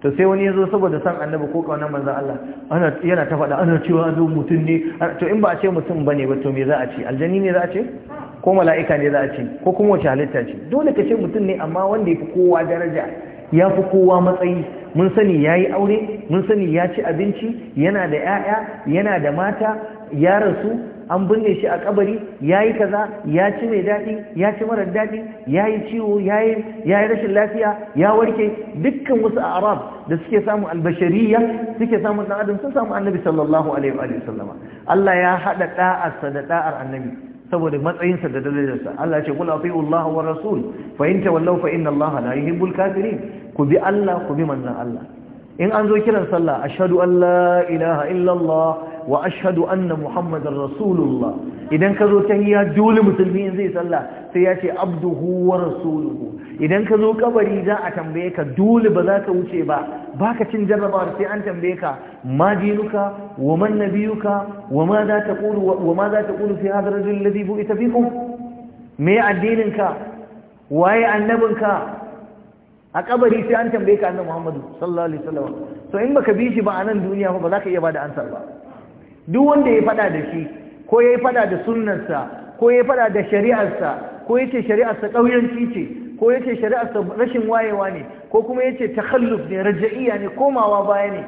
to sai wani yazo saboda san annabi ko kaunar manzon Allah ana yana ta faɗa ana cewa zo mutum ne to in ba a ce mutum bane ba to me za a ce aljanni ne za a ce ko mala'ika ne za a ce ko kuma wace halitta ce dole ka ce mutum ne amma wanda yafi kowa daraja ya fi kowa matsayi mun sani ya yi aure mun sani ya ci abinci yana da 'ya'ya yana da mata ya rasu an binne shi a kabari ya yi kaza ya ci mai daɗi ya ci marar daɗi ya yi ciwo ya yi rashin lafiya ya warke dukkan wasu arab da suke samun albashariya suke samun ɗan adam sun samu annabi sallallahu alaihi wa sallama Allah ya haɗa ɗa'arsa da ɗa'ar annabi saboda matsayinsa da dalilinsa Allah ya ce kula fi Allah wa rasul fa in tawallaw fa inna Allah la yuhibbul kafirin ku bi Allah ku bi manzon Allah in an zo kiran sallah ashhadu an la ilaha illa Allah wa ashhadu anna muhammadar rasulullah idan ka zo tahiyya dole musulmi zai sallah sai ya ce abduhu wa rasuluhu idan ka zo kabari za a tambaye ka dole ba za ka wuce ba baka cin jarrabawar sai an tambaye ka ma dinuka wa man nabiyuka wa ma za ta qulu wa ma za ta qulu fi hadha rajul alladhi bu'ita fikum me addininka waye annabinka a kabari sai an tambaye ka annabi Muhammad sallallahu alaihi wasallam to in baka bi shi ba a nan duniya ba za ka iya ba da ansar ba duk wanda ya fada da shi ko ya fada da sunansa ko ya fada da shari'arsa ko ya ce shari'arsa ƙauyanci ce ko ya ce shari'arsa rashin wayewa ne ko kuma ya ce takhalluf ne raja'iya ne komawa baya ne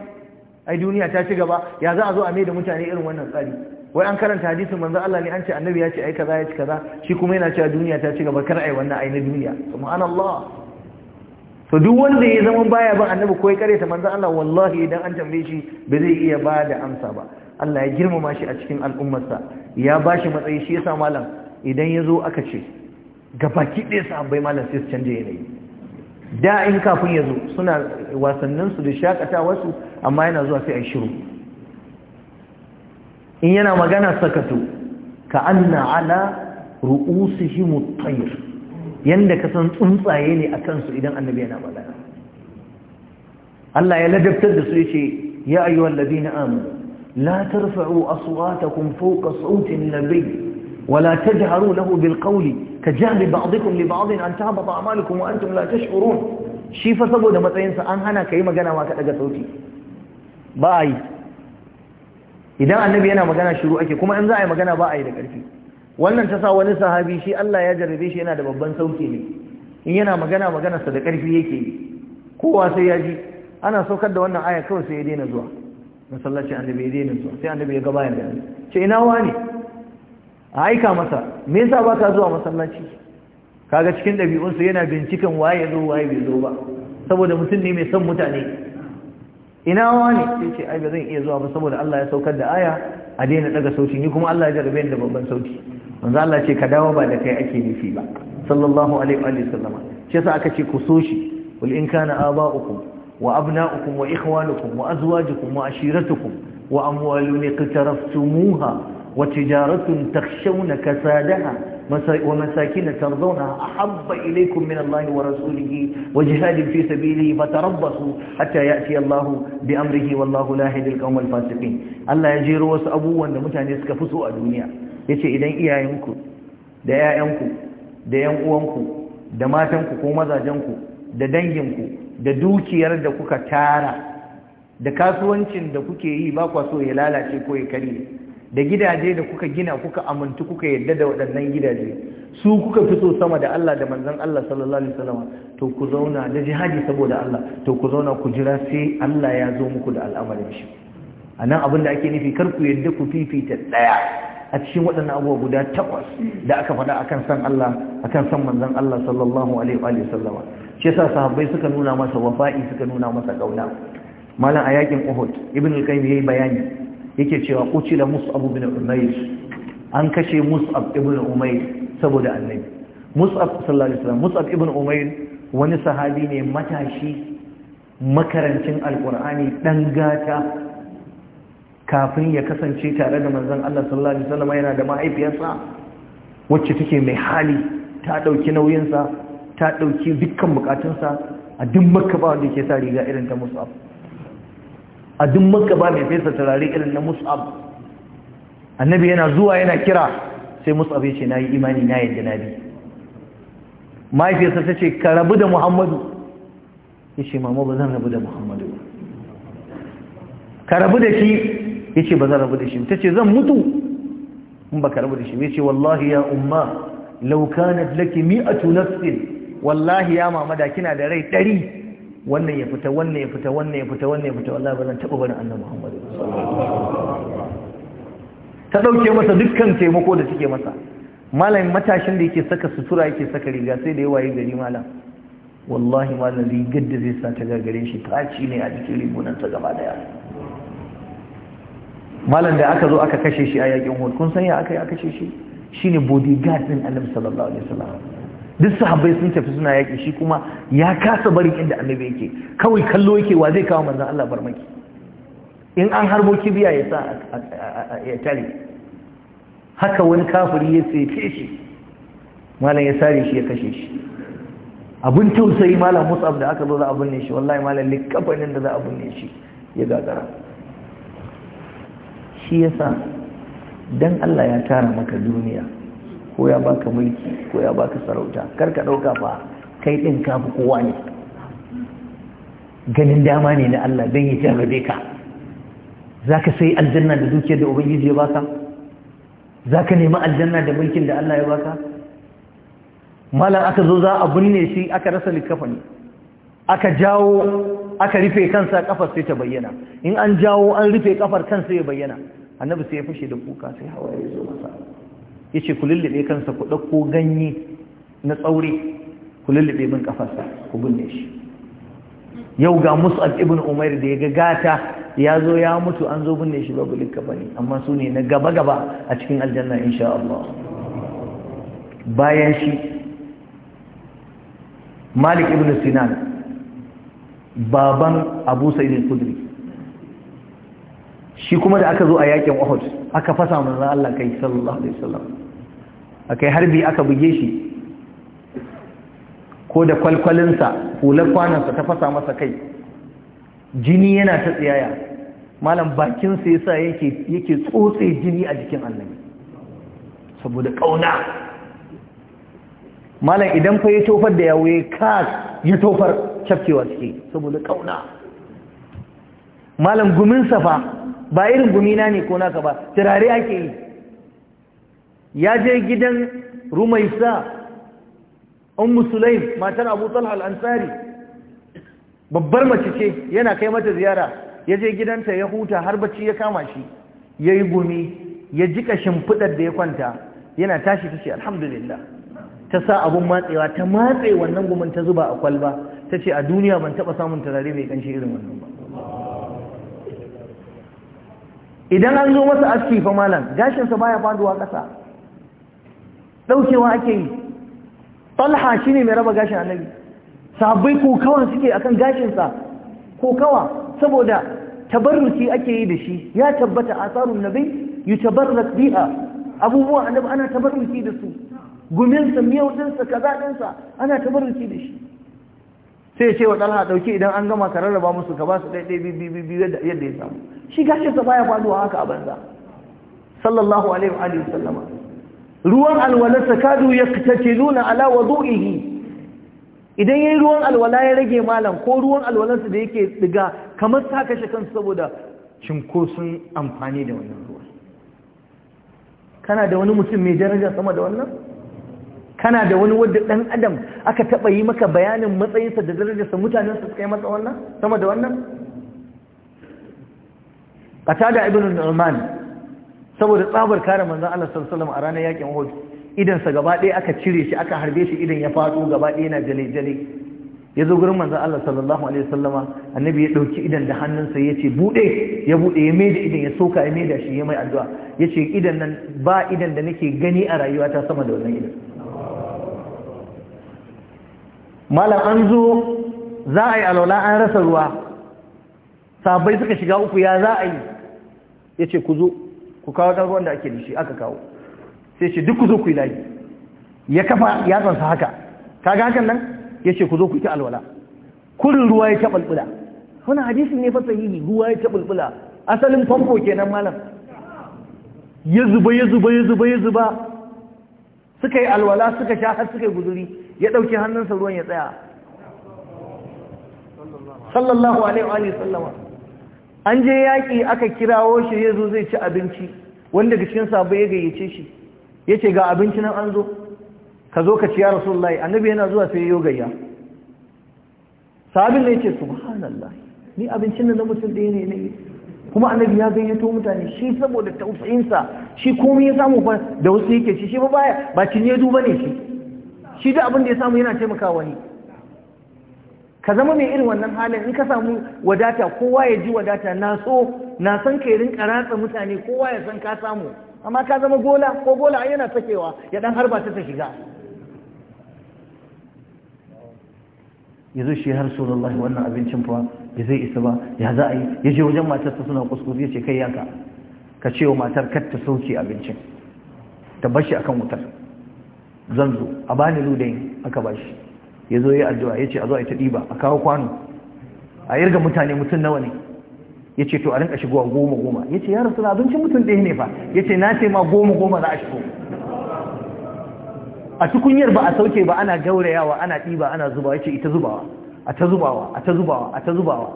ai duniya ta ci gaba ya za a zo a mai da mutane irin wannan tsari wai an karanta hadisin manzo Allah ne an ce annabi ya ce ai kaza ya ci kaza shi kuma yana cewa duniya ta ci gaba kar ai wannan ai na duniya subhanallah to duk wanda ya zama baya ban annabi ko ya kare ta manzo Allah wallahi idan an tambaye shi ba zai iya ba da amsa ba Allah ya girmama shi a cikin al'ummarsa ya ba shi matsayi shi yasa malam idan ya zo aka ce ga baki ɗaya sahabbai malam sai su canje yanayi da in kafin ya zo suna wasanninsu da shakatawarsu amma yana zuwa sai a shiru in yana magana sakato ka anna ala ru'usihi mutayyir yanda ka san tsuntsaye ne a kansu idan annabi yana magana Allah ya ladabtar da su yace ya ayyuhal ladina amanu لا ترفعوا أصواتكم فوق صوت النبي ولا تجهروا له بالقول كجهل بعضكم لبعض أن تهبط أعمالكم وأنتم لا تشعرون shi fa saboda matsayinsa an hana ka yi magana ma ka sauti ba yi idan annabi yana magana shiru ake kuma in za a yi magana ba da ƙarfi wannan ta sa wani sahabi shi Allah ya jarrabe shi yana da babban sauti ne in yana magana maganarsa da ƙarfi yake yi kowa sai ya ji ana saukar da wannan aya kawai sai ya daina zuwa masallacin annabi ya daina zuwa sai annabi ya ga bayan da ce ina wani a aika masa me yasa ba ka zuwa masallaci kaga cikin su yana binciken waye ya zo waye bai zo ba saboda mutum ne mai son mutane ina wani sai ce ai ba zan iya zuwa ba saboda Allah ya saukar da aya a daina daga sauti ni kuma Allah ya jarabe ni da babban sauti manzo Allah ce ka dawo ba da kai ake nufi ba sallallahu alaihi wa sallama shi yasa aka ce ku so shi wal in kana aba'ukum وأبناؤكم وإخوانكم وأزواجكم وعشيرتكم وأموال اقترفتموها وتجارة تخشون كسادها ومساكن ترضونها أحب إليكم من الله ورسوله وجهاد في سبيله فتربصوا حتى يأتي الله بأمره والله لا يهدي القوم الفاسقين الله يجير وسأبوا أن متعني سكفسوا الدنيا yace idan iyayenku da 'ya'yanku da 'yan uwanku da matanku ko mazajenku da danginku da dukiyar da kuka tara da kasuwancin da kuke yi ba kwa so ya lalace ko ya karye da gidaje da kuka gina kuka amintu kuka yadda da waɗannan gidaje su kuka fi so sama da Allah da manzon Allah sallallahu alaihi wasallam to ku zauna da jihadi saboda Allah to ku zauna ku jira sai Allah ya zo muku da al'amarin shi anan abin da ake nufi kar ku yadda ku fifita daya a cikin waɗannan abubuwa guda takwas da aka faɗa akan san Allah akan san manzon Allah sallallahu alaihi wasallam shi yasa sahabbai suka nuna masa wafa'i suka nuna masa kauna malam a yakin Uhud ibn al-Qayyim yayi bayani yake cewa kucila Mus'ab ibn Umayr an kashe Mus'ab ibn Umayr saboda annabi Mus'ab sallallahu alaihi wasallam Mus'ab ibn Umayr wani sahabi ne matashi makarancin alkur'ani dan gata kafin ya kasance tare da manzon Allah sallallahu alaihi wasallam yana da mahaifiyarsa wacce take mai hali ta dauki nauyinsa ta ɗauki dukkan bukatunsa a duk makka ba wanda ke sa riga irin ta mus'ab a duk makka ba mai fesa turare irin na mus'ab annabi yana zuwa yana kira sai mus'ab ya ce na yi imani na yadda na bi mahaifiyarsa ta ce ka rabu da muhammadu ya ce mama ba zan rabu da muhammadu ba ka rabu da shi ya ce ba zan rabu da shi ta ce zan mutu in ba ka rabu da shi ya ce wallahi ya umma lau kanat laki mi'atu nafsin wallahi ya mama da kina da rai ɗari wannan ya fita wannan ya fita wannan ya fita wannan ya fita wallahi ba zan taɓa barin annan muhammadu ta ɗauke masa dukkan taimako da take masa malamin matashin da yake saka sutura yake saka riga sai da yawaye gari malam wallahi malam rigar da zai sa ta gagare shi faci ne a jikin ta gaba daya malam da aka zo aka kashe shi a yakin hud kun san ya aka yi aka kashe shi shine bodyguard din annabi sallallahu alaihi wasallam duk sahabbai sun tafi suna yaƙi shi kuma ya kasa barin inda annabi yake kawai kallo yake wa zai kawo manzan Allah barmaki in an harbo kibiya ya sa ya tare haka wani kafiri ya sefe shi malam ya sare shi ya kashe shi abin tausayi malam musab da aka zo za a binne shi wallahi malam likafanin da za a binne shi ya gagara shi yasa dan Allah ya tara maka duniya ko ya baka mulki ko ya baka sarauta kar ka ɗauka fa kai ɗin ka fi kowa ne ganin dama ne na Allah don ya jarrabe ka za ka sai aljanna da dukiyar da ubangiji ya baka za ka nemi aljanna da mulkin da Allah ya baka malam aka zo za a binne shi aka rasa likafani aka jawo aka rufe kansa kafar sai ta bayyana in an jawo an rufe kafar kansa ya bayyana annabi sai ya fashe da kuka sai hawaye ya zo masa ce ku lullube kansa ku ɗauko ganye na tsauri ku lullube min kafarsa ku binne shi yau ga Mus'ab ibn Umair da ya ga gata ya zo ya mutu an zo binne shi babu likka ba ne amma su ne na gaba gaba a cikin aljanna insha Allah bayan shi Malik ibn Sinan baban Abu Sa'id al kudri shi kuma da aka zo a yakin Uhud aka fasa manzon Allah kai sallallahu alaihi wasallam akai harbi aka buge shi ko da kwalkwalinsa hular kwanansa ta fasa masa kai jini yana ta tsiyaya malam bakinsa ya sa yake tsotse jini a jikin annabi saboda ƙauna malam idan fa ya tofar da yawo ya kas ya tofar cafkewa suke saboda ƙauna malam guminsa fa ba irin gumina ne ko naka ba turare ake yi ya je gidan rumaisa ummu sulaim matar abu talha al-ansari babbar mace ce yana kai mata ziyara ya je gidanta ya huta har bacci ya kama shi ya yi gumi ya jika shimfiɗar da ya kwanta yana tashi ta ce alhamdulillah ta sa abun matsewa ta matse wannan gumin ta zuba a kwalba ta ce a duniya ban taba samun turare mai kanshi irin wannan ba idan an zo masa aski fa malam gashinsa baya faduwa ƙasa daukewa ake yi talha shine mai raba gashin annabi sahabbai ko kawa suke akan gashin sa ko kawa saboda tabarruki ake yi da shi ya tabbata asarun nabi yutabarrak biha abubuwa annabi ana tabarruki da su gumin sa miyau din sa kaza din sa ana tabarruki da shi sai ya ce wa talha dauke idan an gama ka rarraba musu ka ba su ɗaya bi bi yadda ya samu shi gashin sa baya faduwa haka a banza sallallahu alaihi wa sallama ruwan alwalarsa kadu ya nuna ala wudu'ihi idan yayin ruwan alwala ya rage malam ko ruwan alwalarsa da yake diga kamar sa kashe kansa saboda sun amfani da wannan ruwa kana da wani mutum mai daraja sama da wannan kana da wani wadda dan adam aka taba yi maka bayanin matsayinsa da darajarsa mutanen su suka yi masa wannan sama da wannan qatada ibn al umman saboda tsabar kare manzan Allah sallallahu alaihi wasallam a ranar yakin Uhud idan sa gaba ɗaya aka cire shi aka harbe shi idan ya faɗo gaba ɗaya yana jale jale ya zo gurin manzan Allah sallallahu alaihi wasallama annabi ya dauki idan da hannunsa ya ce bude ya bude ya maida idan ya soka ya maida shi ya mai addu'a ya ce idan nan ba idan da nake gani a rayuwata sama da wannan idan malam an zo za a yi alwala an rasa ruwa sabai suka shiga uku ya za a yi ya ce ku zo ku kawo ɗan ruwan da ake dishi aka kawo sai ce duk ku zo ku yi layi ya kafa yatsansa haka kaga hakan nan ya ce ku zo ku ta alwala kurin ruwa ya taɓalɓula wani hadisi ne fasa yi ruwa ya taɓalɓula asalin famfo kenan malam ya zuba ya zuba ya zuba ya zuba suka yi alwala suka sha har suka yi guzuri ya ɗauki hannunsa ruwan ya tsaya sallallahu alaihi wa sallama an je yaƙi aka kirawo shi ya zo zai ci abinci wanda daga cikin sabu ya gayyace shi ya ce ga abinci nan an zo ka zo ka ci ya rasulullahi annabi yana zuwa sai ya gayya sabin ne ya ce subhanallah ni abincin nan na mutum ɗaya ne yi. kuma annabi ya gayyato mutane shi saboda tausayinsa shi komai ya samu da wasu yake ci shi ba baya ba cinye duba ne shi shi da abin da ya samu yana taimakawa ne ka zama mai irin wannan halin in ka samu wadata kowa ya ji wadata na so na san ka irin karatsa mutane kowa ya san ka samu amma ka zama gola ko gola ai yana sakewa ya ɗan harba ta ta shiga zo shi har sallallahu wannan abincin fa ya zai isa ba ya za a yi ya je wajen matar ta suna kuskus ya ce kai yanka ka ce wa matar kar ta sauke abincin ta bashi akan wutar zan zo a bani ludayin aka bashi ya zo ya addu'a ya ce a zo a yi ta ɗiba a kawo kwano a yarga mutane mutum nawa ne ya ce to a rinka shigowa goma goma ya ce ya rasu abincin mutum ɗaya ne fa ya ce na ce ma goma goma za a shigo a tukunyar ba a sauke ba ana gaurayawa ana ɗiba ana zuba ya ce ita zubawa a ta zubawa a ta zubawa a ta zubawa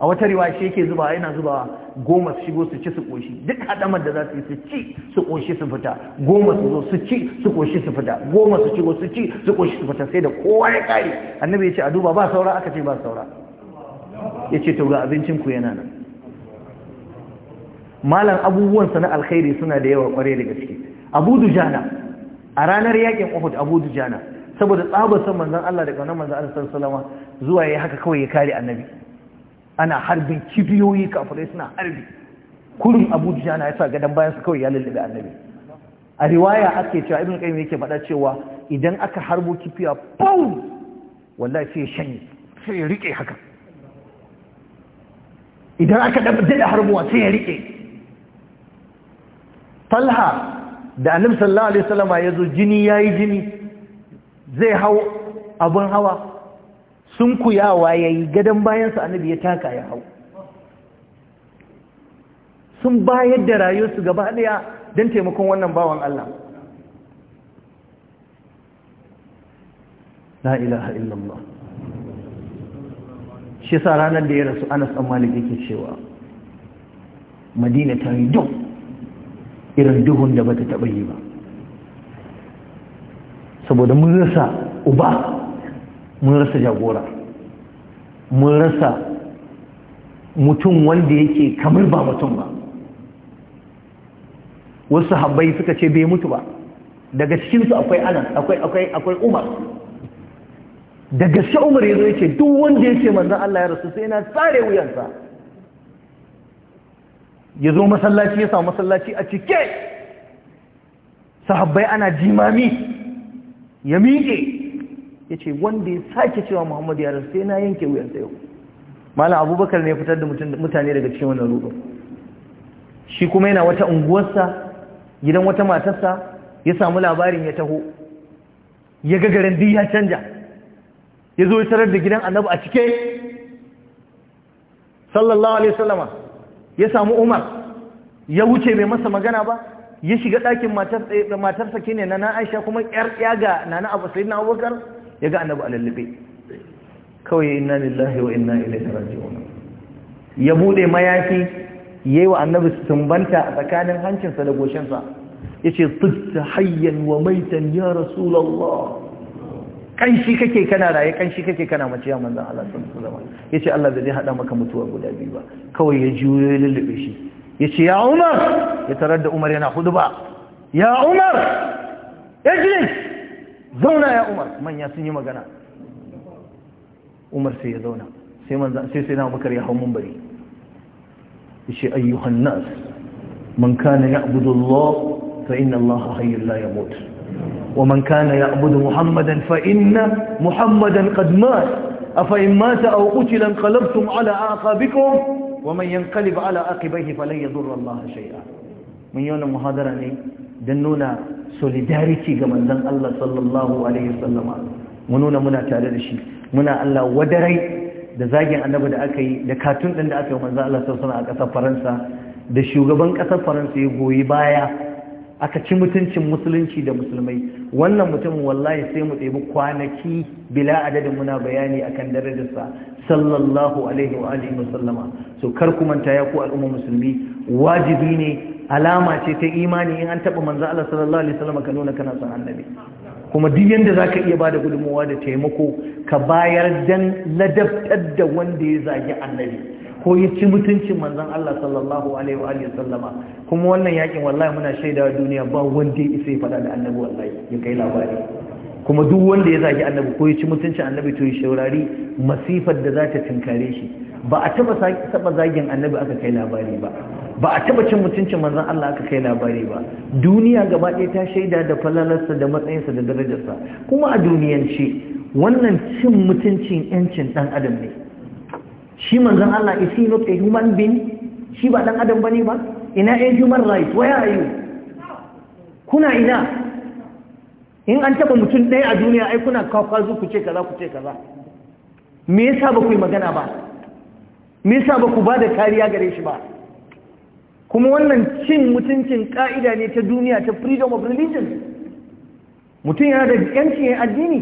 a wata riwa shi yake zubawa yana zubawa goma su shigo su ci su ƙoshi duk haɗamar da za su yi su ci su ƙoshi su fita goma su zo su ci su ƙoshi su fita goma su shigo su ci su ƙoshi su fita sai da kowa ya ƙare annabi ya ce a duba ba saura aka ce ba saura ya ce to ga abincin ku yana nan malam abubuwansa na alkhairi suna da yawa kware da gaske abu dujana a ranar yakin uhud abu dujana saboda tsabar san manzon Allah da kaunar manzon Allah sallallahu alaihi wasallam zuwa yayi haka kawai ya kare annabi ana harbin kibiyoyi kafirai suna harbi kurin abu jana ya sa gadon su kawai ya lullube annabi a riwaya ake cewa ibn qayyim yake faɗa cewa idan aka harbo kifiya pau wallahi sai shanye sai ya rike haka idan aka daɗa harbuwa sai ya rike talha da annabi sallallahu alaihi wasallama ya zo jini yayi jini zai hau abun hawa sun kuyawa ya yi gadon bayansa annabi ya taka ya hau sun bayar da rayuwarsu gaba daya don taimakon wannan bawan Allah la ilaha illallah shi sa ranar da ya rasu anas an malik yake cewa madina ta yi duk irin duhun da bata taɓa yi ba saboda mun rasa uba mun rasa jagora mun rasa mutum wanda yake kamar ba mutum ba wasu habbai suka ce bai mutu ba daga cikinsu akwai ana akwai akwai akwai umar daga shi umar ya zo duk wanda ya ce manzan Allah ya rasu sai na tsare wuyansa ya zo masallaci ya samu masallaci a cike sahabbai ana jimami ya miƙe yace wanda ya sake cewa Muhammadu ya rasu sai na yanke wuyan sa yau malam Abubakar ne ya fitar da mutane daga cikin wannan ruɗu shi kuma yana wata unguwarsa gidan wata matarsa ya samu labarin ya taho ya ga garin duk ya canja ya zo ya tarar da gidan annabi a cike sallallahu alaihi wasallama ya samu Umar ya wuce mai masa magana ba ya shiga ɗakin eh, matarsa ke ne na aisha kuma ƴar ƴaga na abu sai abubakar ya ga annabi a lallabe kawai inna lillahi wa inna ilaihi raji'un ya bude mayafi yayi wa annabi sumbanta a tsakanin hancinsa da goshinsa yace tutta hayyan wa maitan ya rasulullah kanshi kake kana raye kanshi kake kana mace ya manzon Allah sallallahu alaihi wasallam yace Allah zai hada maka mutuwa guda biyu ba kawai ya juyo ya lullube shi yace ya Umar ya tarar da Umar yana huduba ya Umar ijlis zauna ya umar manya sun yi magana umar sai ya zauna sai sai na bakar ya hau mumbari ya ce ayyuhan nas man kana ya allah fa inna Allah hayyul la yamut wa man kana ya abudu muhammadan fa inna muhammadan qad mat afa in mata aw qutila anqalabtum ala aqabikum wa man yanqalib ala aqibaihi falan yadurra Allah shay'a mun yi wannan muhadara ne don nuna solidarity ga manzan Allah sallallahu alaihi wasallama mu nuna muna tare da shi muna Allah wadarai da zagin annabi da aka yi da katun ɗin da aka yi manzon Allah sallallahu alaihi a ƙasar Faransa da shugaban ƙasar Faransa ya goyi baya aka ci mutuncin musulunci da musulmai wannan mutumin wallahi sai mu ɗebi kwanaki bila adadin muna bayani akan darajarsa sallallahu alaihi wa alihi wasallama so kar ku manta ya ku al'umma musulmi wajibi ne alama ce ta imani in an taɓa manzo Allah sallallahu alaihi wasallam ka nuna kana san annabi kuma duk yanda zaka iya bada gudunmawa da taimako ka bayar dan ladabtar da wanda ya zagi annabi ko ya ci mutuncin manzon Allah sallallahu alaihi wa sallama kuma wannan yakin wallahi muna shaidawa duniya ba wanda ya isa ya fada da annabi wallahi ya kai labari kuma duk wanda ya zagi annabi ko ya ci mutuncin annabi to ya shaurari masifar da za ta tinkare shi ba a taba zagin annabi aka kai labari ba ba a taba cin mutuncin manzon Allah aka kai labari ba duniya gaba ɗaya ta shaida da falalarsa da matsayinsa da darajarsa kuma a duniyance wannan cin mutuncin yancin dan adam ne shi manzon Allah is he not a human being shi ba dan adam bane ba ina a human right where are you kuna ina in an taba mutum ɗaya a duniya ai kuna kawo ku ce kaza ku ce kaza me yasa ba ku yi magana ba me yasa ba ku ba da kariya gare shi ba kuma wannan cin mutuncin ka'ida ne ta duniya ta freedom of religion mutum yana da yanci ya addini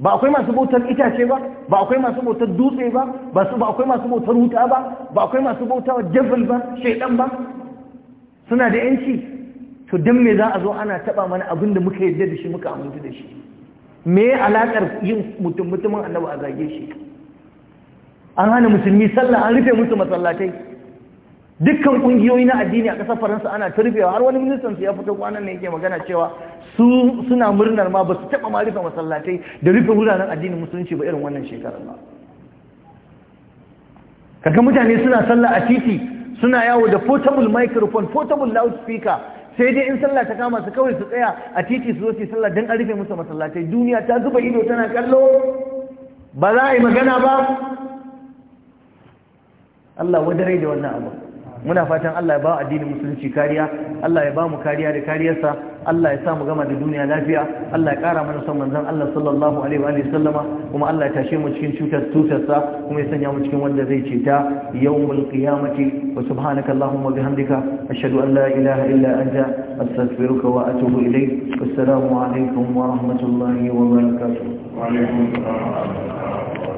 ba akwai masu bautar itace ba ba akwai masu bautar dutse ba ba su ba akwai masu bautar wuta ba ba akwai masu bautawa jabal ba shaidan ba suna da yanci to don me za a zo ana taba mana abin da muka yarda da shi muka amintu da shi me alaƙar yin mutum mutumin annabu a zage shi an hana musulmi sallah an rufe musu masallatai dukkan ƙungiyoyi na addini a ƙasar faransa ana turbewa har wani ministan su ya fito kwanan ne yake magana cewa su suna murnar ma ba su taɓa ma rufe masallatai da rufe wuraren addini musulunci ba irin wannan shekarar ba kaga mutane suna sallah a titi suna yawo da portable microphone portable loudspeaker sai dai in sallah ta kama su kawai su tsaya a titi su zo su sallah don a rufe musu masallatai duniya ta zuba ido tana kallo ba za a yi magana ba Allah wadarai da wannan abu muna fatan Allah ya ba addinin musulunci kariya Allah ya ba mu kariya da kariyarsa Allah ya sa mu gama da duniya lafiya Allah ya kara mana son manzon Allah sallallahu alaihi wa sallama kuma Allah ya tashe mu cikin cutar tutarsa kuma ya sanya mu cikin wanda zai ceta yawmul qiyamati wa subhanaka allahumma bihamdika ashhadu an la ilaha illa anta astaghfiruka wa atubu ilayk assalamu alaikum wa rahmatullahi wa barakatuh wa alaikum assalam